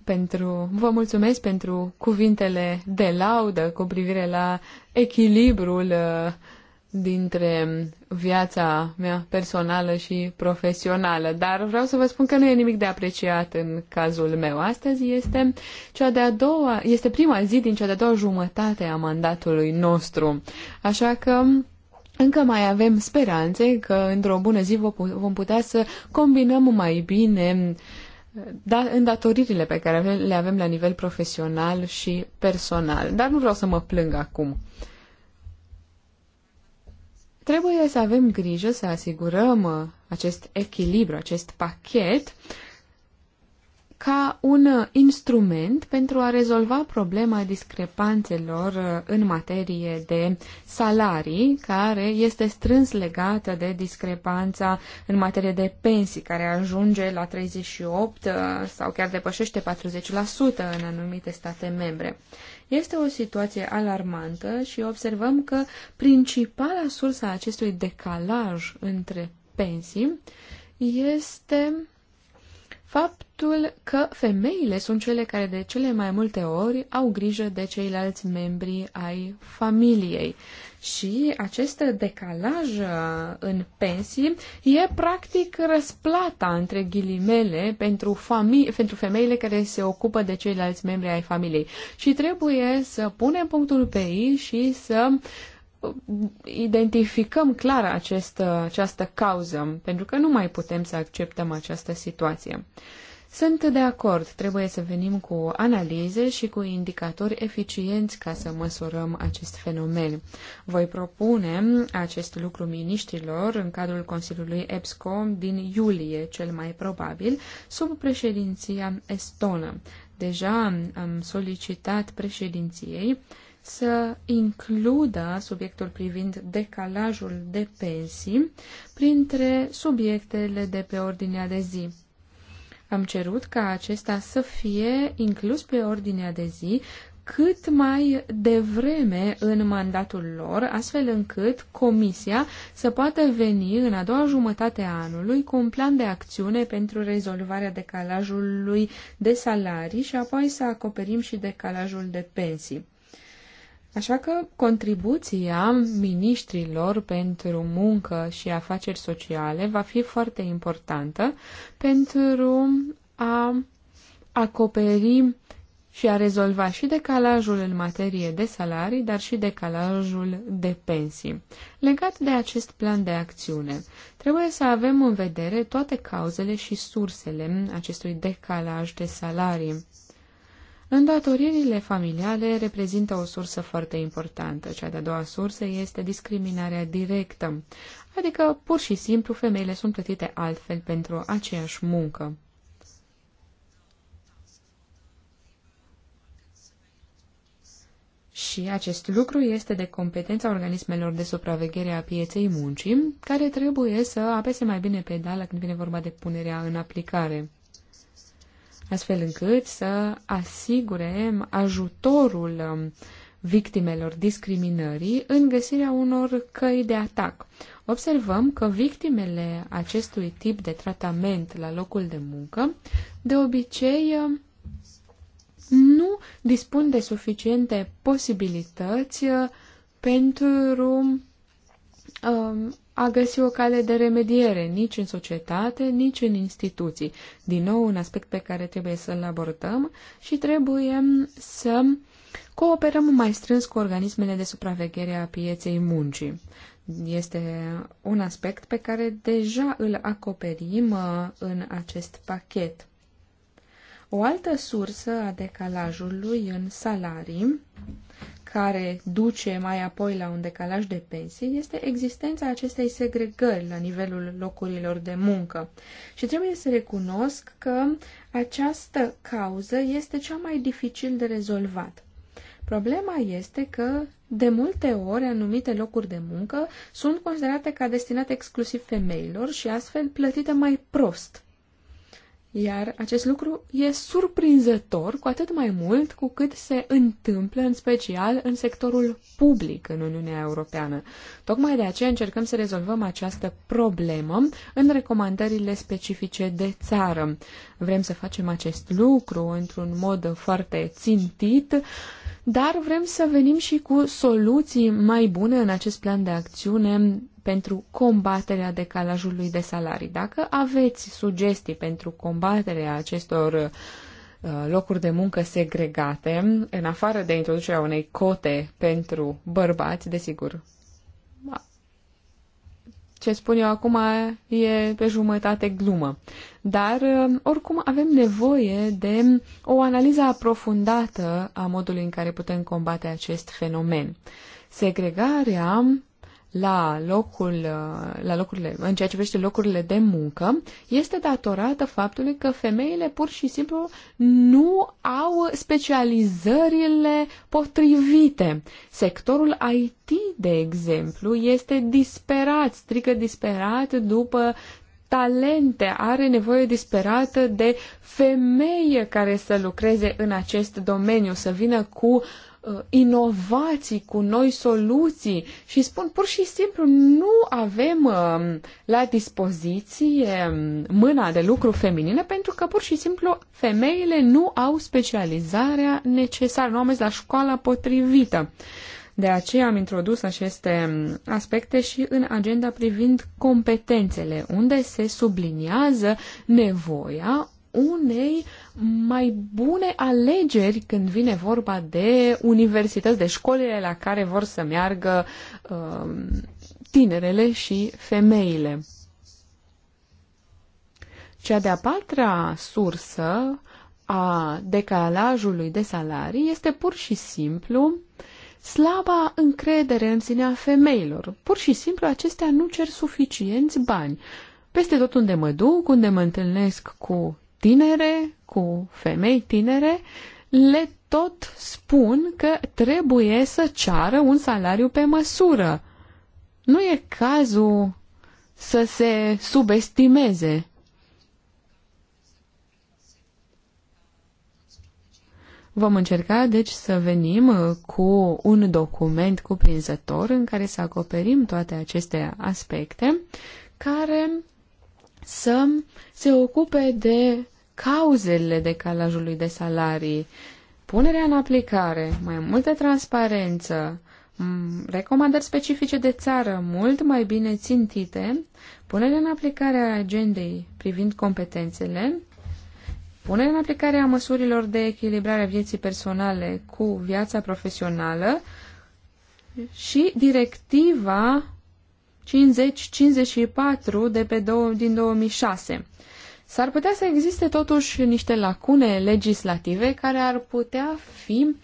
Pentru, vă mulțumesc pentru cuvintele de laudă cu privire la echilibrul uh, dintre viața mea personală și profesională, dar vreau să vă spun că nu e nimic de apreciat în cazul meu. Astăzi este cea de-a doua, este prima zi din cea de-a doua jumătate a mandatului nostru, așa că încă mai avem speranțe că într-o bună zi vom putea să combinăm mai bine da, îndatoririle pe care le avem la nivel profesional și personal. Dar nu vreau să mă plâng acum. Uh, Trebuie să avem grijă să asigurăm uh, acest echilibru, acest pachet, ca un uh, instrument pentru a rezolva problema discrepanțelor uh, în materie de salarii, care este strâns legată de discrepanța în materie de pensii, care ajunge la 38 sau chiar depășește 40% în anumite state membre. Este o situație alarmantă și observăm că principala sursă a acestui decalaj între pensii este faptul că femeile sunt cele care de cele mai multe ori au grijă de ceilalți membri ai familiei și acest decalaj uh, în pensii e practic răsplata între ghilimele pentru, famili- pentru femeile care se ocupă de ceilalți membri ai familiei și trebuie să punem punctul pe ei și să uh, identificăm clar acest, uh, această cauză, pentru că nu mai putem să acceptăm această situație. Sunt de acord, trebuie să venim cu analize și cu indicatori eficienți ca să măsurăm acest fenomen. Voi propune acest lucru miniștrilor în cadrul Consiliului EPSCO din iulie, cel mai probabil, sub președinția estonă. Deja am solicitat președinției să includă subiectul privind decalajul de pensii printre subiectele de pe ordinea de zi am cerut ca acesta să fie inclus pe ordinea de zi cât mai devreme în mandatul lor, astfel încât Comisia să poată veni în a doua jumătate a anului cu un plan de acțiune pentru rezolvarea decalajului de salarii și apoi să acoperim și decalajul de pensii. Așa că contribuția miniștrilor pentru muncă și afaceri sociale va fi foarte importantă pentru a acoperi și a rezolva și decalajul în materie de salarii, dar și decalajul de pensii. Legat de acest plan de acțiune, trebuie să avem în vedere toate cauzele și sursele acestui decalaj de salarii. Îndatoririle familiale reprezintă o sursă foarte importantă. Cea de-a doua sursă este discriminarea directă, adică pur și simplu femeile sunt plătite altfel pentru aceeași muncă. Și acest lucru este de competența organismelor de supraveghere a pieței muncii, care trebuie să apese mai bine pedala când vine vorba de punerea în aplicare astfel încât să asigure ajutorul um, victimelor discriminării în găsirea unor căi de atac. Observăm că victimele acestui tip de tratament la locul de muncă de obicei um, nu dispun de suficiente posibilități uh, pentru um, a găsi o cale de remediere, nici în societate, nici în instituții. Din nou, un aspect pe care trebuie să-l abordăm și trebuie să cooperăm mai strâns cu organismele de supraveghere a pieței muncii. Este un aspect pe care deja îl acoperim uh, în acest pachet. O altă sursă a decalajului în salarii care duce mai apoi la un decalaj de pensii este existența acestei segregări la nivelul locurilor de muncă. Și trebuie să recunosc că această cauză este cea mai dificil de rezolvat. Problema este că, de multe ori, anumite locuri de muncă sunt considerate ca destinate exclusiv femeilor și astfel plătite mai prost iar acest lucru e surprinzător cu atât mai mult cu cât se întâmplă în special în sectorul public în Uniunea Europeană. Tocmai de aceea încercăm să rezolvăm această problemă în recomandările specifice de țară. Vrem să facem acest lucru într-un mod foarte țintit, dar vrem să venim și cu soluții mai bune în acest plan de acțiune pentru combaterea decalajului de salarii. Dacă aveți sugestii pentru combaterea acestor uh, locuri de muncă segregate, în afară de introducerea unei cote pentru bărbați, desigur, ce spun eu acum e pe jumătate glumă. Dar, uh, oricum, avem nevoie de o analiză aprofundată a modului în care putem combate acest fenomen. Segregarea la, locul, uh, la locurile, în ceea ce privește locurile de muncă, este datorată faptului că femeile pur și simplu nu au specializările potrivite. Sectorul IT, de exemplu, este disperat, strică disperat după talente, are nevoie disperată de femeie care să lucreze în acest domeniu, să vină cu uh, Uh, inovații, cu noi soluții și spun pur și simplu nu avem um, la dispoziție um, mâna de lucru feminină pentru că pur și simplu femeile nu au specializarea necesară, nu au mers la școala potrivită. De aceea am introdus aceste um, aspecte și în agenda privind competențele, unde se subliniază nevoia unei mai bune alegeri când vine vorba de universități, de școlile la care vor să meargă uh, tinerele și femeile. Cea de-a patra sursă a decalajului de salarii este pur și simplu slaba încredere în sine a femeilor. Pur și simplu acestea nu cer suficienți bani. Peste tot unde mă duc, unde mă întâlnesc cu tinere, cu femei tinere, le tot spun că trebuie să ceară un salariu pe măsură. Nu e cazul să se subestimeze. Vom încerca, deci, să venim uh, cu un document cuprinzător în care să acoperim toate aceste aspecte, care să se ocupe de cauzele decalajului de salarii, punerea în aplicare, mai multă transparență, recomandări specifice de țară mult mai bine țintite, punerea în aplicare a agendei privind competențele, punerea în aplicare a măsurilor de echilibrare a vieții personale cu viața profesională și directiva 50-54 de pe din 2006 S-ar putea să existe totuși niște lacune legislative care ar putea fi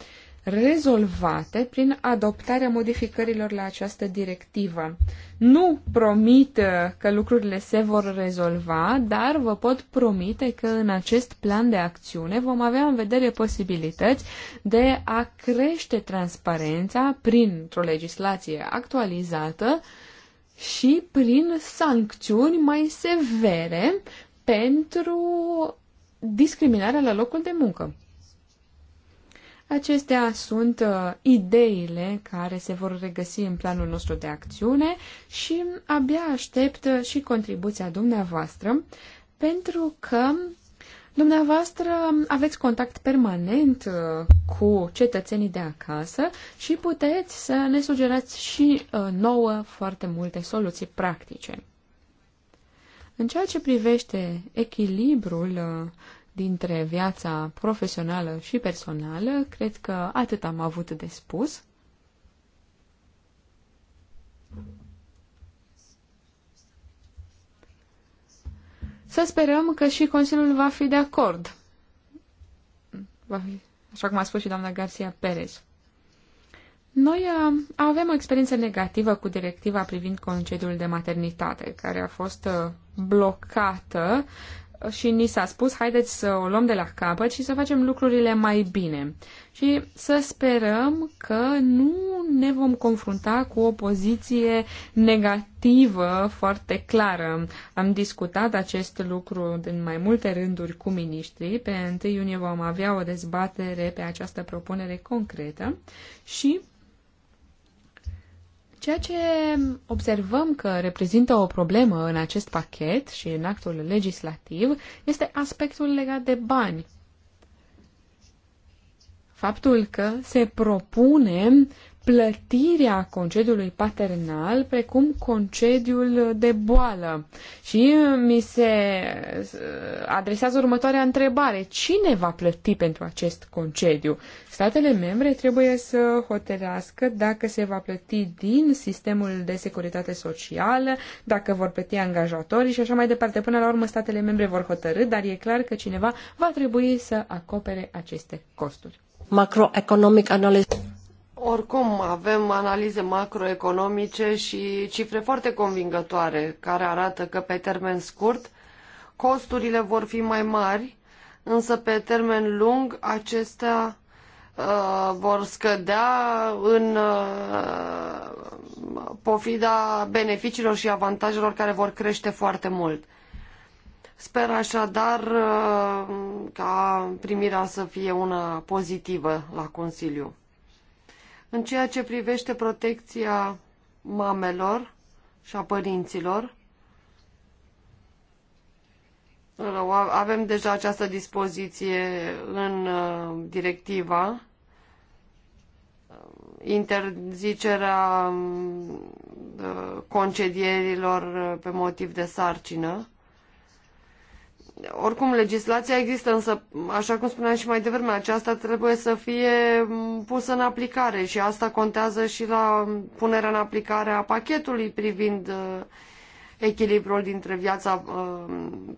rezolvate prin adoptarea modificărilor la această directivă. Nu promit uh, că lucrurile se vor rezolva, dar vă pot promite că în acest plan de acțiune vom avea în vedere posibilități de a crește transparența printr-o legislație actualizată și prin sancțiuni mai severe pentru discriminarea la locul de muncă. Acestea sunt uh, ideile care se vor regăsi în planul nostru de acțiune și abia aștept uh, și contribuția dumneavoastră, pentru că dumneavoastră aveți contact permanent uh, cu cetățenii de acasă și puteți să ne sugerați și uh, nouă foarte multe soluții practice. În ceea ce privește echilibrul uh, dintre viața profesională și personală, cred că atât am avut de spus. Să sperăm că și Consiliul va fi de acord. Va fi, așa cum a spus și doamna Garcia Perez. Noi uh, avem o experiență negativă cu directiva privind concediul de maternitate, care a fost uh, blocată uh, și ni s-a spus, haideți să o luăm de la capăt și să facem lucrurile mai bine. Și să sperăm că nu ne vom confrunta cu o poziție negativă foarte clară. Am discutat acest lucru din mai multe rânduri cu miniștrii. Pe 1 iunie vom avea o dezbatere pe această propunere concretă și Ceea ce observăm că reprezintă o problemă în acest pachet și în actul legislativ este aspectul legat de bani. Faptul că se propune plătirea concediului paternal precum concediul de boală. Și mi se uh, adresează următoarea întrebare. Cine va plăti pentru acest concediu? Statele membre trebuie să hotărească dacă se va plăti din sistemul de securitate socială, dacă vor plăti angajatorii și așa mai departe. Până la urmă statele membre vor hotărâ, dar e clar că cineva va trebui să acopere aceste costuri.
Macroeconomic
analysis
oricum, avem analize macroeconomice și cifre foarte convingătoare care arată că pe termen scurt costurile vor fi mai mari, însă pe termen lung acestea uh, vor scădea în uh, pofida beneficiilor și avantajelor care vor crește foarte mult. Sper așadar uh, ca primirea să fie una pozitivă la Consiliu. În ceea ce privește protecția mamelor și a părinților, uh, avem deja această dispoziție în uh, directiva uh, interzicerea concedierilor pe motiv de sarcină oricum, legislația există, însă, așa cum spuneam și mai devreme, aceasta trebuie să fie pusă în aplicare și asta contează și la punerea în aplicare a pachetului privind uh, echilibrul dintre viața uh,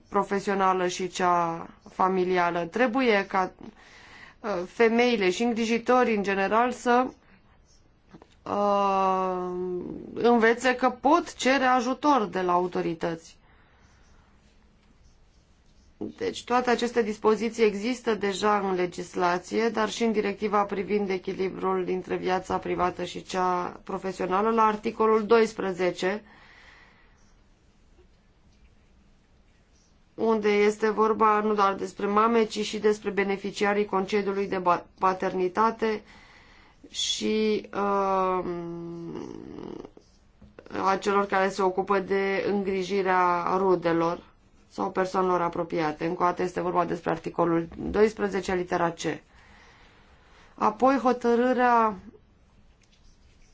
profesională și cea familială. Trebuie ca uh, femeile și îngrijitorii în general să învețe că pot cere ajutor de la autorități. Deci toate aceste dispoziții există deja în legislație, dar și în directiva privind echilibrul dintre viața privată și cea profesională, la articolul 12, unde este vorba nu doar despre mame, ci și despre beneficiarii concediului de paternitate și uh, a celor care se ocupă de îngrijirea rudelor sau persoanelor apropiate. Încă o dată este vorba despre articolul 12, litera C. Apoi hotărârea,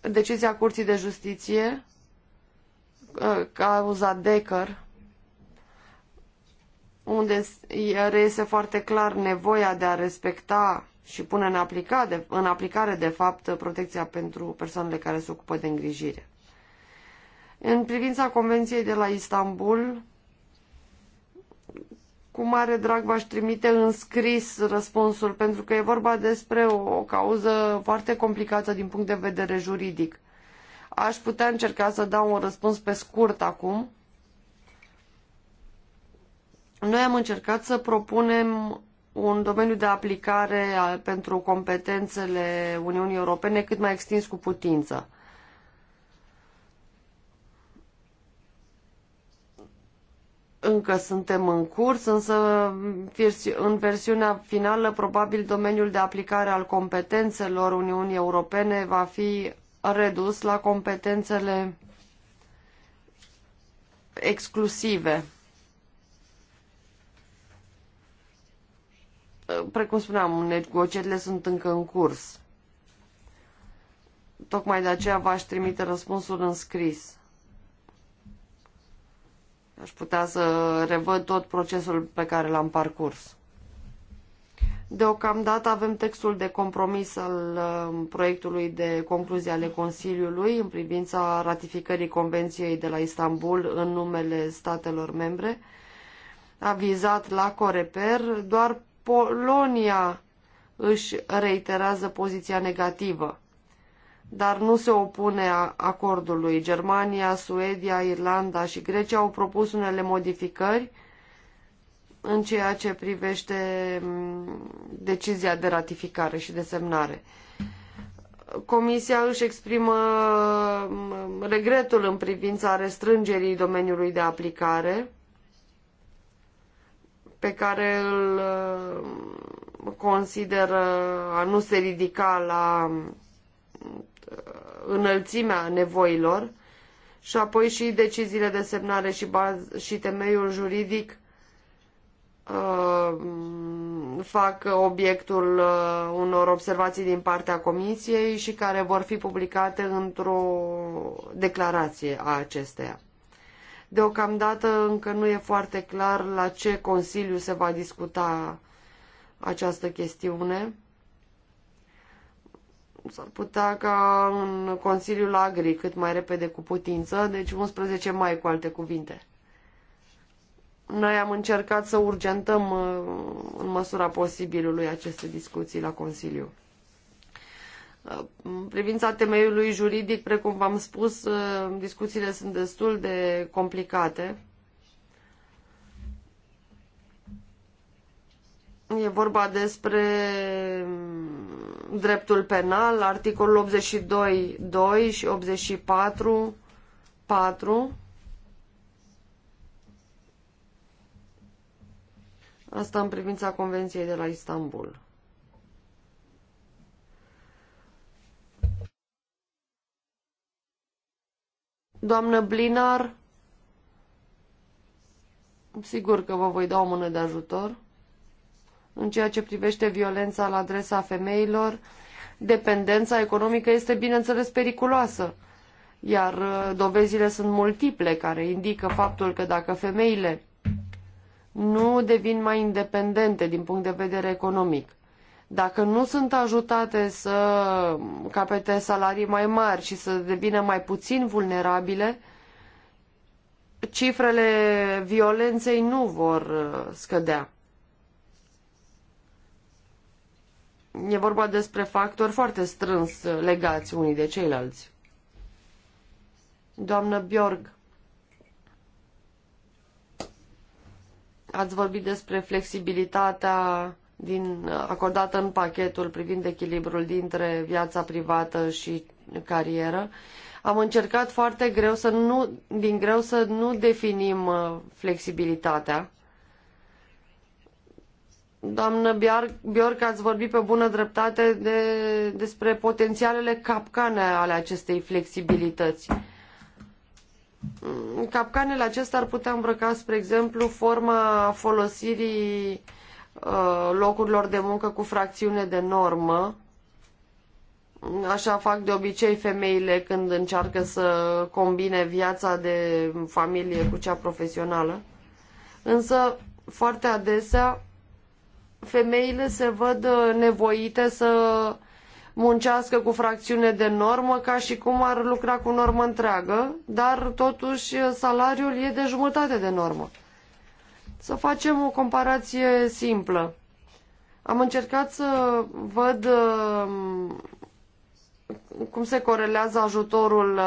decizia Curții de Justiție, ă, cauza Decker, unde reiese foarte clar nevoia de a respecta și pune în, aplica de, în aplicare, de fapt, protecția pentru persoanele care se ocupă de îngrijire. În privința Convenției de la Istanbul, cu mare drag v-aș trimite în scris răspunsul, pentru că e vorba despre o, o cauză foarte complicată din punct de vedere juridic. Aș putea încerca să dau un răspuns pe scurt acum. Noi am încercat să propunem un domeniu de aplicare pentru competențele Uniunii Europene cât mai extins cu putință. încă suntem în curs, însă în versiunea finală probabil domeniul de aplicare al competențelor Uniunii Europene va fi redus la competențele exclusive. Precum spuneam, negocierile sunt încă în curs. Tocmai de aceea v-aș trimite răspunsul în scris. Aș putea să revăd tot procesul pe care l-am parcurs. Deocamdată avem textul de compromis al um, proiectului de concluzie ale Consiliului în privința ratificării Convenției de la Istanbul în numele statelor membre. Avizat la Coreper, doar Polonia își reiterează poziția negativă dar nu se opune acordului. Germania, Suedia, Irlanda și Grecia au propus unele modificări în ceea ce privește mm, decizia de ratificare și de semnare. Comisia își exprimă mm, regretul în privința restrângerii domeniului de aplicare pe care îl mm, consideră a nu se ridica la înălțimea nevoilor și apoi și deciziile de semnare și, baz, și temeiul juridic uh, fac obiectul uh, unor observații din partea Comisiei și care vor fi publicate într-o declarație a acesteia. Deocamdată încă nu e foarte clar la ce Consiliu se va discuta această chestiune s-ar putea ca în Consiliul Agri cât mai repede cu putință, deci 11 mai cu alte cuvinte. Noi am încercat să urgentăm uh, în măsura posibilului aceste discuții la Consiliu. Uh, în privința temeiului juridic, precum v-am spus, uh, discuțiile sunt destul de complicate. E vorba despre dreptul penal, articolul 2 și 4. Asta în privința Convenției de la Istanbul. Doamnă Blinar, sigur că vă voi da o mână de ajutor în ceea ce privește violența la adresa femeilor. Dependența economică este, bineînțeles, periculoasă, iar uh, dovezile sunt multiple care indică faptul că dacă femeile nu devin mai independente din punct de vedere economic, dacă nu sunt ajutate să capete salarii mai mari și să devină mai puțin vulnerabile, cifrele violenței nu vor uh, scădea. e vorba despre factori foarte strâns legați unii de ceilalți. Doamnă Bjorg, ați vorbit despre flexibilitatea din, acordată în pachetul privind echilibrul dintre viața privată și carieră. Am încercat foarte greu să nu, din greu să nu definim uh, flexibilitatea Doamnă Bjork, ați vorbit pe bună dreptate de, despre potențialele capcane ale acestei flexibilități. Mm, capcanele acestea ar putea îmbrăca, spre exemplu, forma folosirii uh, locurilor de muncă cu fracțiune de normă. Mm, așa fac de obicei femeile când încearcă să combine viața de familie cu cea profesională. Însă, foarte adesea, femeile se văd uh, nevoite să muncească cu fracțiune de normă ca și cum ar lucra cu normă întreagă, dar totuși uh, salariul e de jumătate de normă. Să facem o comparație simplă. Am încercat să văd uh, cum se corelează ajutorul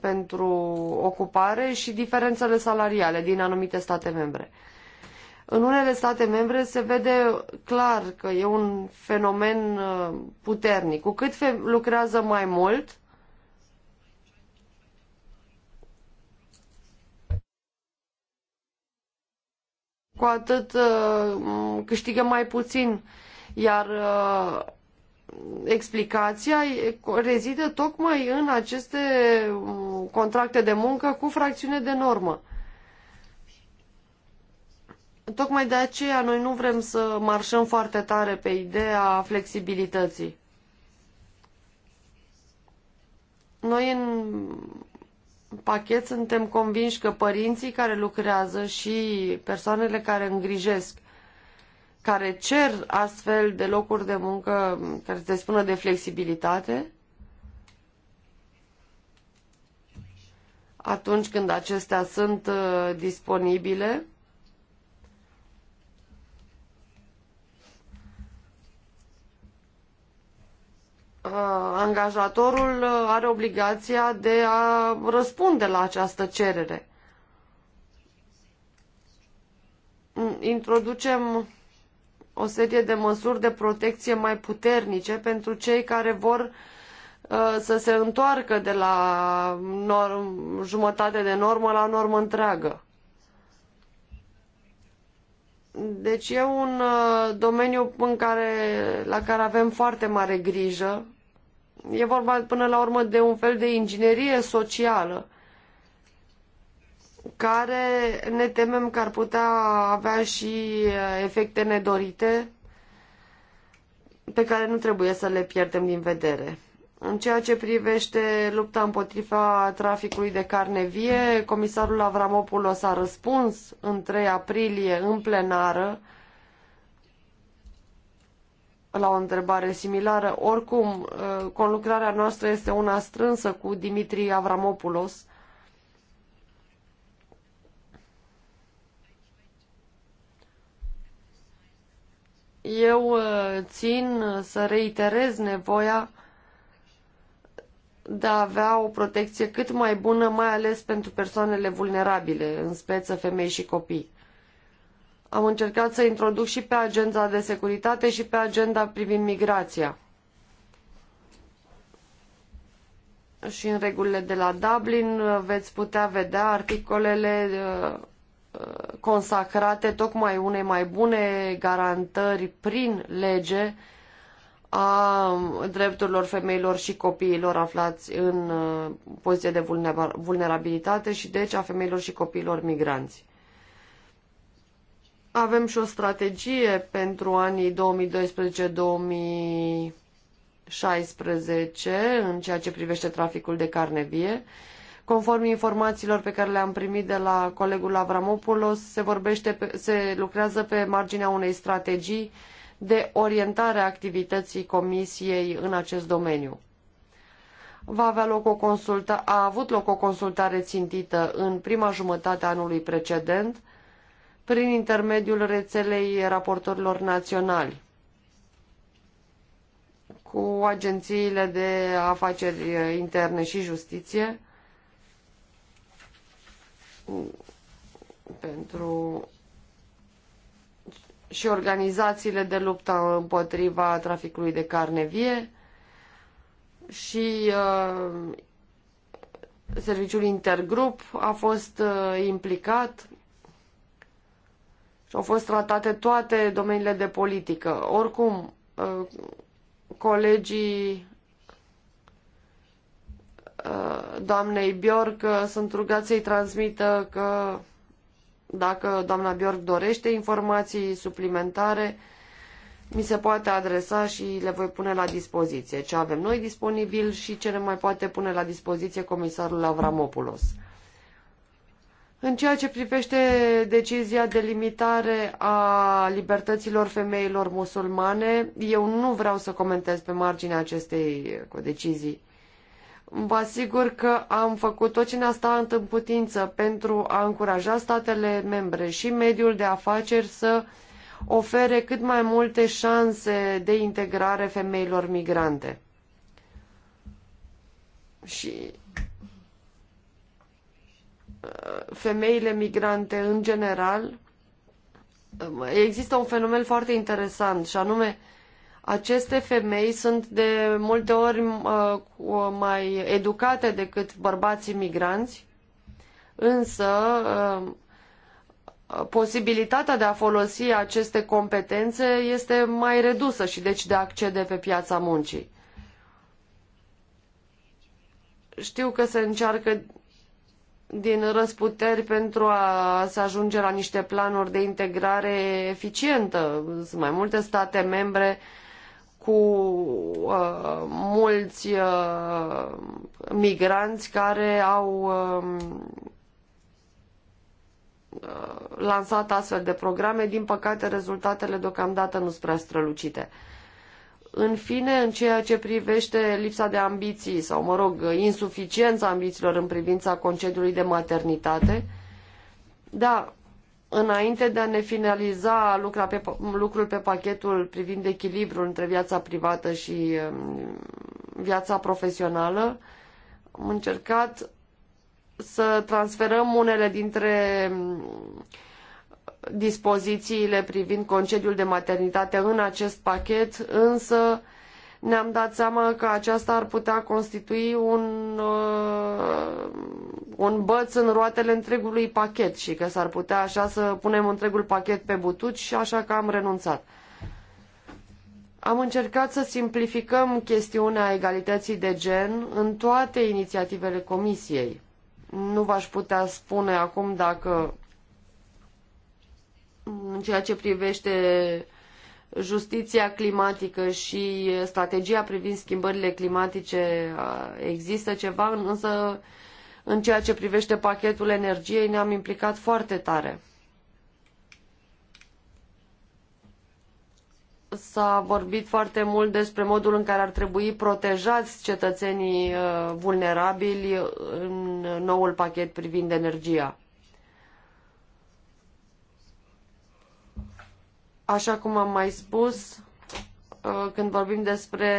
pentru ocupare și diferențele salariale din anumite state membre. În unele state membre se vede clar că e un fenomen uh, puternic. Cu cât lucrează mai mult, cu atât uh, câștigă mai puțin. Iar uh, explicația rezidă tocmai în aceste contracte de muncă cu fracțiune de normă. Tocmai de aceea noi nu vrem să marșăm foarte tare pe ideea flexibilității. Noi în pachet suntem convinși că părinții care lucrează și persoanele care îngrijesc, care cer astfel de locuri de muncă care se spună de flexibilitate, atunci când acestea sunt uh, disponibile, Uh, angajatorul uh, are obligația de a răspunde la această cerere. Mm, introducem o serie de măsuri de protecție mai puternice pentru cei care vor uh, să se întoarcă de la norm, jumătate de normă la normă întreagă. Deci e un domeniu în care, la care avem foarte mare grijă E vorba până la urmă de un fel de inginerie socială care ne temem că ar putea avea și uh, efecte nedorite pe care nu trebuie să le pierdem din vedere. În ceea ce privește lupta împotriva traficului de carne vie, comisarul Avramopoulos a răspuns în 3 aprilie în plenară la o întrebare similară. Oricum, uh, conlucrarea noastră este una strânsă cu Dimitri Avramopoulos. Eu uh, țin să reiterez nevoia de a avea o protecție cât mai bună, mai ales pentru persoanele vulnerabile, în speță femei și copii am încercat să introduc și pe agenda de securitate și pe agenda privind migrația. Și în regulile de la Dublin uh, veți putea vedea articolele uh, uh, consacrate tocmai unei mai bune garantări prin lege a drepturilor femeilor și copiilor aflați în poziție de vulnerabilitate și deci a femeilor și copiilor migranți. Avem și o strategie pentru anii 2012-2016 în ceea ce privește traficul de carne vie. Conform informațiilor pe care le-am primit de la colegul Avramopoulos, se, vorbește, se lucrează pe marginea unei strategii de orientare a activității Comisiei în acest domeniu. Va avea loc o consulta- a avut loc o consultare țintită în prima jumătate a anului precedent, prin intermediul rețelei raportorilor naționali cu agențiile de afaceri interne și justiție pentru și organizațiile de luptă împotriva traficului de carne vie și uh, serviciul intergrup a fost uh, implicat și au fost tratate toate domeniile de politică. Oricum, ă, colegii ă, doamnei Bjork ă, sunt rugați să-i transmită că dacă doamna Bjork dorește informații suplimentare, mi se poate adresa și le voi pune la dispoziție ce avem noi disponibil și ce ne mai poate pune la dispoziție comisarul Avramopoulos. În ceea ce privește decizia de limitare a libertăților femeilor musulmane, eu nu vreau să comentez pe marginea acestei decizii. Vă asigur că am făcut tot ce ne-a stat în putință pentru a încuraja statele membre și mediul de afaceri să ofere cât mai multe șanse de integrare femeilor migrante. Și femeile migrante în general, um, există un fenomen foarte interesant și anume aceste femei sunt de multe ori uh, mai educate decât bărbații migranți, însă um, posibilitatea de a folosi aceste competențe este mai redusă și deci de a accede pe piața muncii. Știu că se încearcă din răsputeri pentru a se ajunge la niște planuri de integrare eficientă. Sunt mai multe state membre cu uh, mulți uh, migranți care au um, uh, lansat astfel de programe. Din păcate, rezultatele deocamdată nu sunt prea strălucite. În fine, în ceea ce privește lipsa de ambiții sau, mă rog, insuficiența ambițiilor în privința concediului de maternitate, da, înainte de a ne finaliza lucra pe, lucrul pe pachetul privind echilibrul între viața privată și um, viața profesională, am încercat să transferăm unele dintre uh, dispozițiile privind concediul de maternitate în acest pachet, însă ne-am dat seama că aceasta ar putea constitui un, uh, un băț în roatele întregului pachet și că s-ar putea așa să punem întregul pachet pe butuci și așa că am renunțat. Am încercat să simplificăm chestiunea egalității de gen în toate inițiativele comisiei. Nu v-aș putea spune acum dacă în ceea ce privește justiția climatică și strategia privind schimbările climatice există ceva, însă în ceea ce privește pachetul energiei ne-am implicat foarte tare. S-a vorbit foarte mult despre modul în care ar trebui protejați cetățenii vulnerabili în noul pachet privind energia. Așa cum am mai spus, uh, când vorbim despre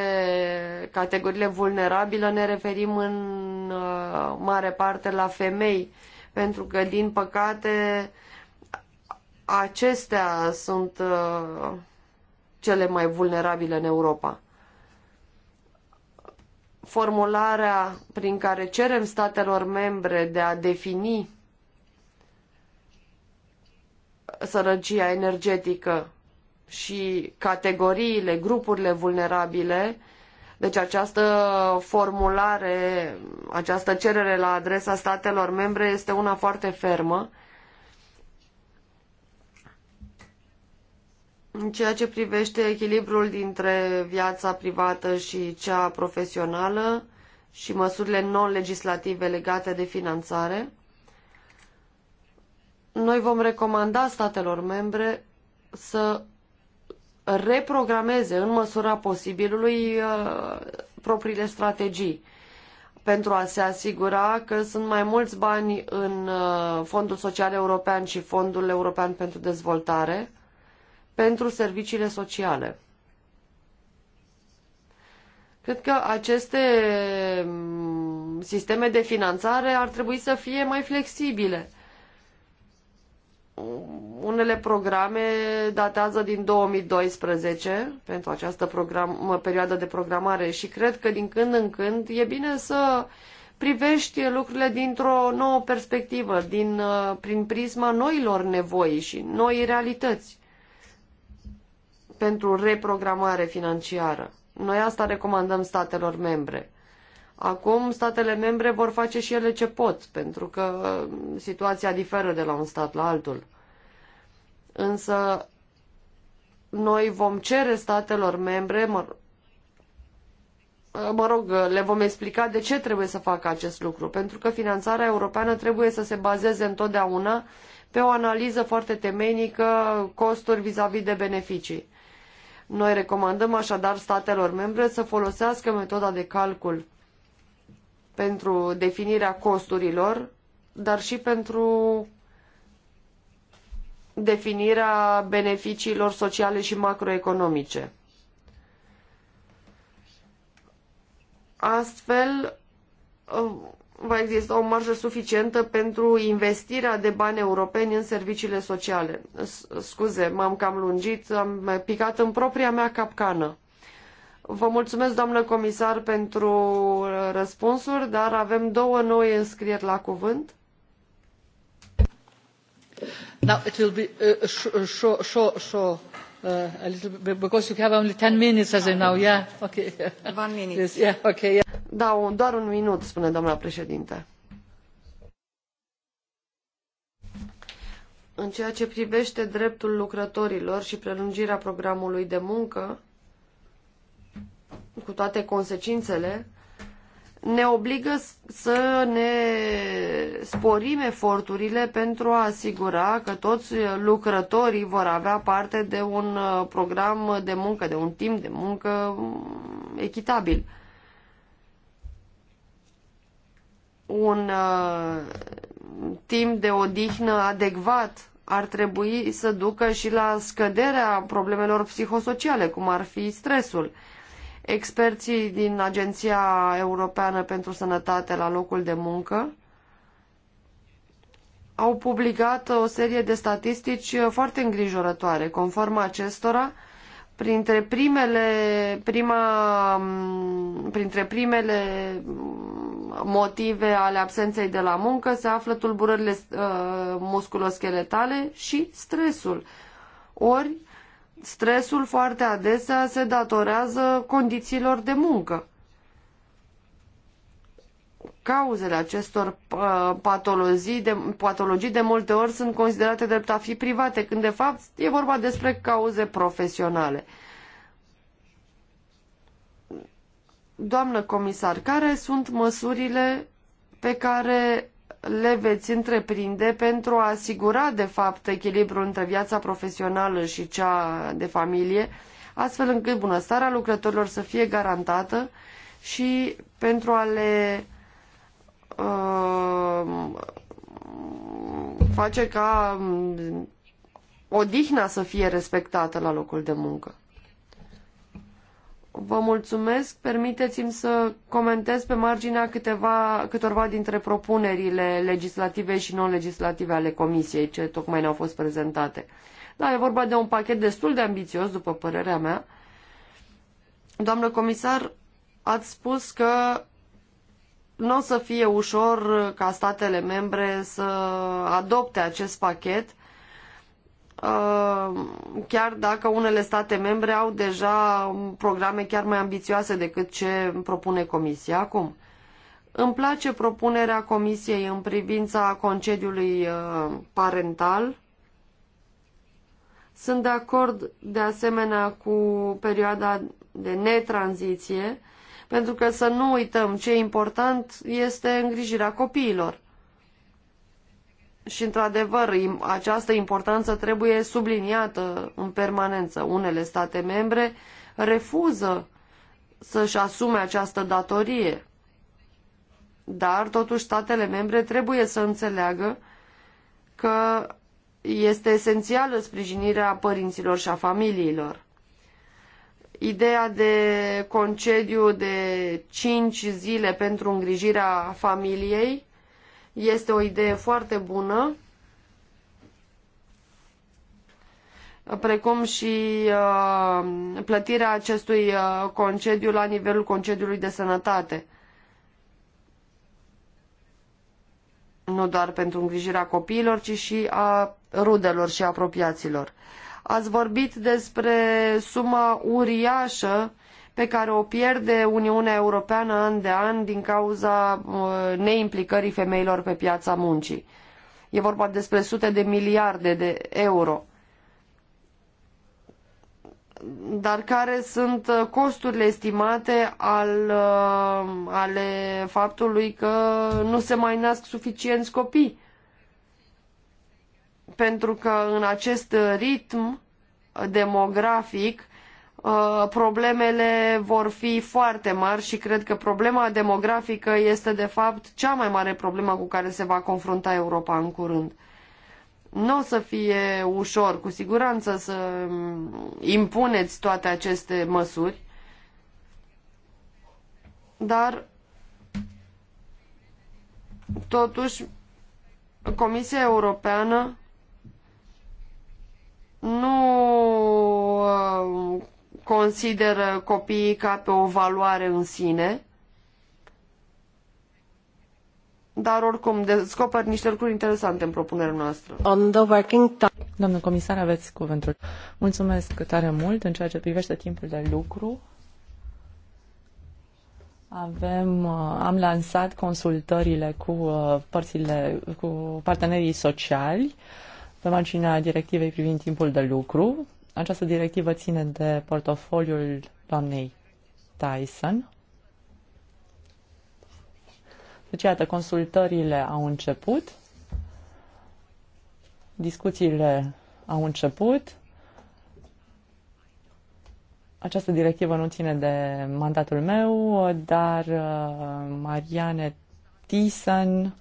categoriile vulnerabile, ne referim în uh, mare parte la femei, pentru că, din păcate, acestea sunt uh, cele mai vulnerabile în Europa. Formularea prin care cerem statelor membre de a defini sărăcia energetică și categoriile, grupurile vulnerabile, deci această formulare, această cerere la adresa statelor membre este una foarte fermă. În ceea ce privește echilibrul dintre viața privată și cea profesională și măsurile non-legislative legate de finanțare, noi vom recomanda statelor membre să reprogrameze în măsura posibilului uh, propriile strategii pentru a se asigura că sunt mai mulți bani în uh, Fondul Social European și Fondul European pentru Dezvoltare pentru serviciile sociale. Cred că aceste mm, sisteme de finanțare ar trebui să fie mai flexibile unele programe datează din 2012 pentru această program, perioadă de programare și cred că din când în când e bine să privești lucrurile dintr-o nouă perspectivă, din, uh, prin prisma noilor nevoi și noi realități pentru reprogramare financiară. Noi asta recomandăm statelor membre. Acum statele membre vor face și ele ce pot, pentru că situația diferă de la un stat la altul. Însă noi vom cere statelor membre, mă, mă rog, le vom explica de ce trebuie să facă acest lucru, pentru că finanțarea europeană trebuie să se bazeze întotdeauna pe o analiză foarte temeinică, costuri vis-a-vis -vis de beneficii. Noi recomandăm așadar statelor membre să folosească metoda de calcul pentru definirea costurilor, dar și pentru definirea beneficiilor sociale și macroeconomice. Astfel, uh, va exista o marjă suficientă pentru investirea de bani europeni în serviciile sociale. Scuze, m-am cam lungit, am picat în propria mea capcană. Vă mulțumesc, doamnă comisar, pentru răspunsuri, dar avem două noi înscrieri la cuvânt. Now it will be uh, show, show, show uh, a little bit because you have only 10 minutes as I now. Yeah, okay. One minute. Yes, yeah, okay, yeah. Da, doar un minut, spune doamna președinte. În ceea ce privește dreptul lucrătorilor și prelungirea programului de muncă, cu toate consecințele, ne obligă să ne sporim eforturile pentru a asigura că toți lucrătorii vor avea parte de un uh, program de muncă, de un timp de muncă mm, echitabil. Un uh, timp de odihnă adecvat ar trebui să ducă și la scăderea problemelor psihosociale, cum ar fi stresul. Uh, experții din Agenția Europeană pentru Sănătate la locul de muncă au publicat o serie de statistici foarte îngrijorătoare. Conform acestora, printre primele, prima, printre primele motive ale absenței de la muncă se află tulburările uh, musculoscheletale și stresul. Ori stresul foarte adesea se datorează condițiilor de muncă. Cauzele acestor uh, patologii de, patologii de multe ori sunt considerate drept a fi private, când de fapt e vorba despre cauze profesionale. Doamnă comisar, care sunt măsurile pe care le veți întreprinde pentru a asigura, de fapt, echilibrul între viața profesională și cea de familie, astfel încât bunăstarea lucrătorilor să fie garantată și pentru a le uh, face ca um, odihna să fie respectată la locul de muncă. Vă mulțumesc. Permiteți-mi să comentez pe marginea câteva, câtorva dintre propunerile legislative și non-legislative ale Comisiei, ce tocmai ne-au fost prezentate. Da, e vorba de un pachet destul de ambițios, după părerea mea. Doamnă comisar, ați spus că nu o să fie ușor ca statele membre să adopte acest pachet Uh, chiar dacă unele state membre au deja programe chiar mai ambițioase decât ce propune Comisia acum. Îmi place propunerea Comisiei în privința concediului uh, parental. Sunt de acord de asemenea cu perioada de netranziție, pentru că să nu uităm ce important este îngrijirea copiilor și, într-adevăr, această importanță trebuie subliniată în permanență. Unele state membre refuză să-și asume această datorie. Dar, totuși, statele membre trebuie să înțeleagă că este esențială sprijinirea părinților și a familiilor. Ideea de concediu de cinci zile pentru îngrijirea familiei este o idee foarte bună, precum și uh, plătirea acestui uh, concediu la nivelul concediului de sănătate. Nu doar pentru îngrijirea copiilor, ci și a rudelor și apropiaților. Ați vorbit despre suma uriașă pe care o pierde Uniunea Europeană an de an din cauza uh, neimplicării femeilor pe piața muncii. E vorba despre sute de miliarde de euro. Dar care sunt uh, costurile estimate al, uh, ale faptului că nu se mai nasc suficienți copii? Pentru că în acest ritm demografic Uh, problemele vor fi foarte mari și cred că problema demografică este de fapt cea mai mare problemă cu care se va confrunta Europa în curând. Nu o să fie ușor, cu siguranță, să impuneți toate aceste măsuri, dar totuși Comisia Europeană nu uh, consideră copiii ca pe o valoare în sine, dar oricum descoper niște lucruri interesante în propunerea noastră.
On the working time. Doamnă comisar, aveți cuvântul. Mulțumesc tare mult în ceea ce privește timpul de lucru. Avem, uh, am lansat consultările cu uh, părțile, cu partenerii sociali pe marginea directivei privind timpul de lucru această directivă ține de portofoliul doamnei Tyson. Deci, iată, consultările au început, discuțiile au început. Această directivă nu ține de mandatul meu, dar uh, Marianne Thyssen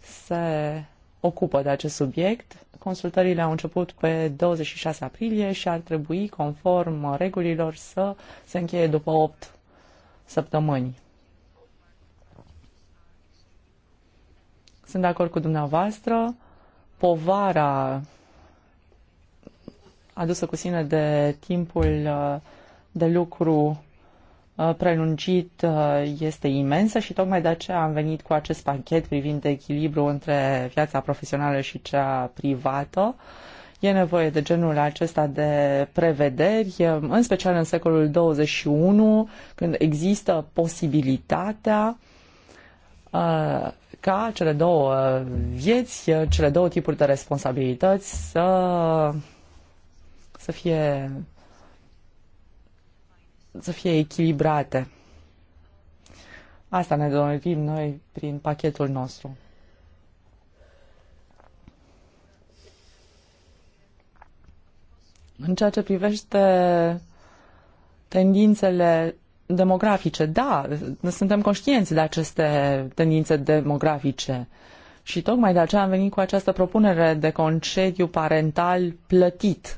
se ocupă de acest subiect Consultările au început pe 26 aprilie și ar trebui, conform regulilor, să se încheie după 8 săptămâni. Sunt de acord cu dumneavoastră. Povara adusă cu sine de timpul uh, de lucru Uh, prelungit uh, este imensă și tocmai de aceea am venit cu acest pachet privind echilibru între viața profesională și cea privată. E nevoie de genul acesta de prevederi, uh, în special în secolul 21, când există posibilitatea ca cele două vieți, cele două tipuri de responsabilități să, să fie să fie echilibrate. Asta ne dorim noi prin pachetul nostru. În ceea ce privește tendințele demografice, da, suntem conștienți de aceste tendințe demografice și tocmai de aceea am venit cu această propunere de concediu parental plătit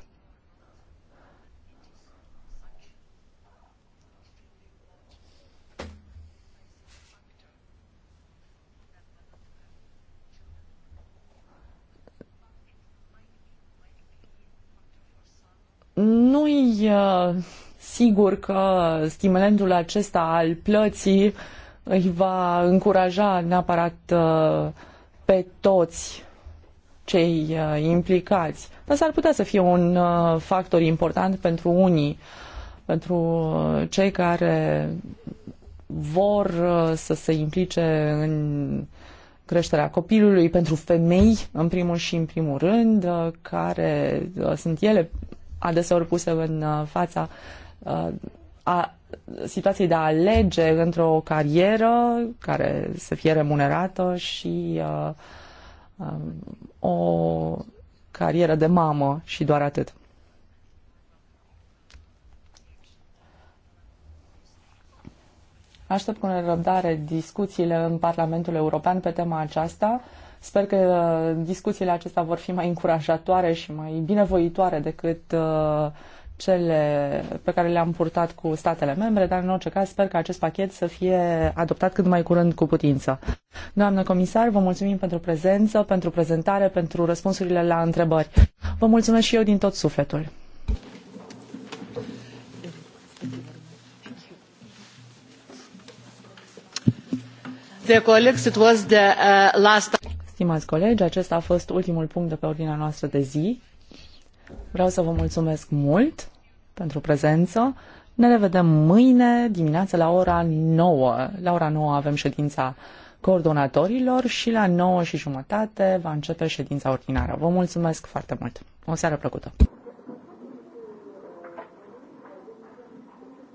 nu-i uh, sigur că stimulentul acesta al plății îi va încuraja neapărat uh, pe toți cei uh, implicați. Dar s-ar putea să fie un factor important pentru unii, pentru cei care vor să se implice în creșterea copilului, pentru femei, în primul și în primul rând, care sunt ele adeseori puse în uh, fața uh, a situației de a alege într-o carieră care să fie remunerată și uh, um, o carieră de mamă și doar atât. Aștept cu nerăbdare discuțiile în Parlamentul European pe tema aceasta. Sper că uh, discuțiile acestea vor fi mai încurajatoare și mai binevoitoare decât uh, cele pe care le-am purtat cu statele membre, dar în orice caz sper că acest pachet să fie adoptat cât mai curând cu putință. Doamnă comisar, vă mulțumim pentru prezență, pentru prezentare, pentru răspunsurile la întrebări. Vă mulțumesc și eu din tot sufletul.
Dear colleagues, it was the uh, last
Stimați colegi, acesta a fost ultimul punct de pe ordinea noastră de zi. Vreau să vă mulțumesc mult pentru prezență. Ne revedem mâine dimineață la ora 9. La ora 9 avem ședința coordonatorilor și la 9 și jumătate va începe ședința ordinară. Vă mulțumesc foarte mult. O seară plăcută!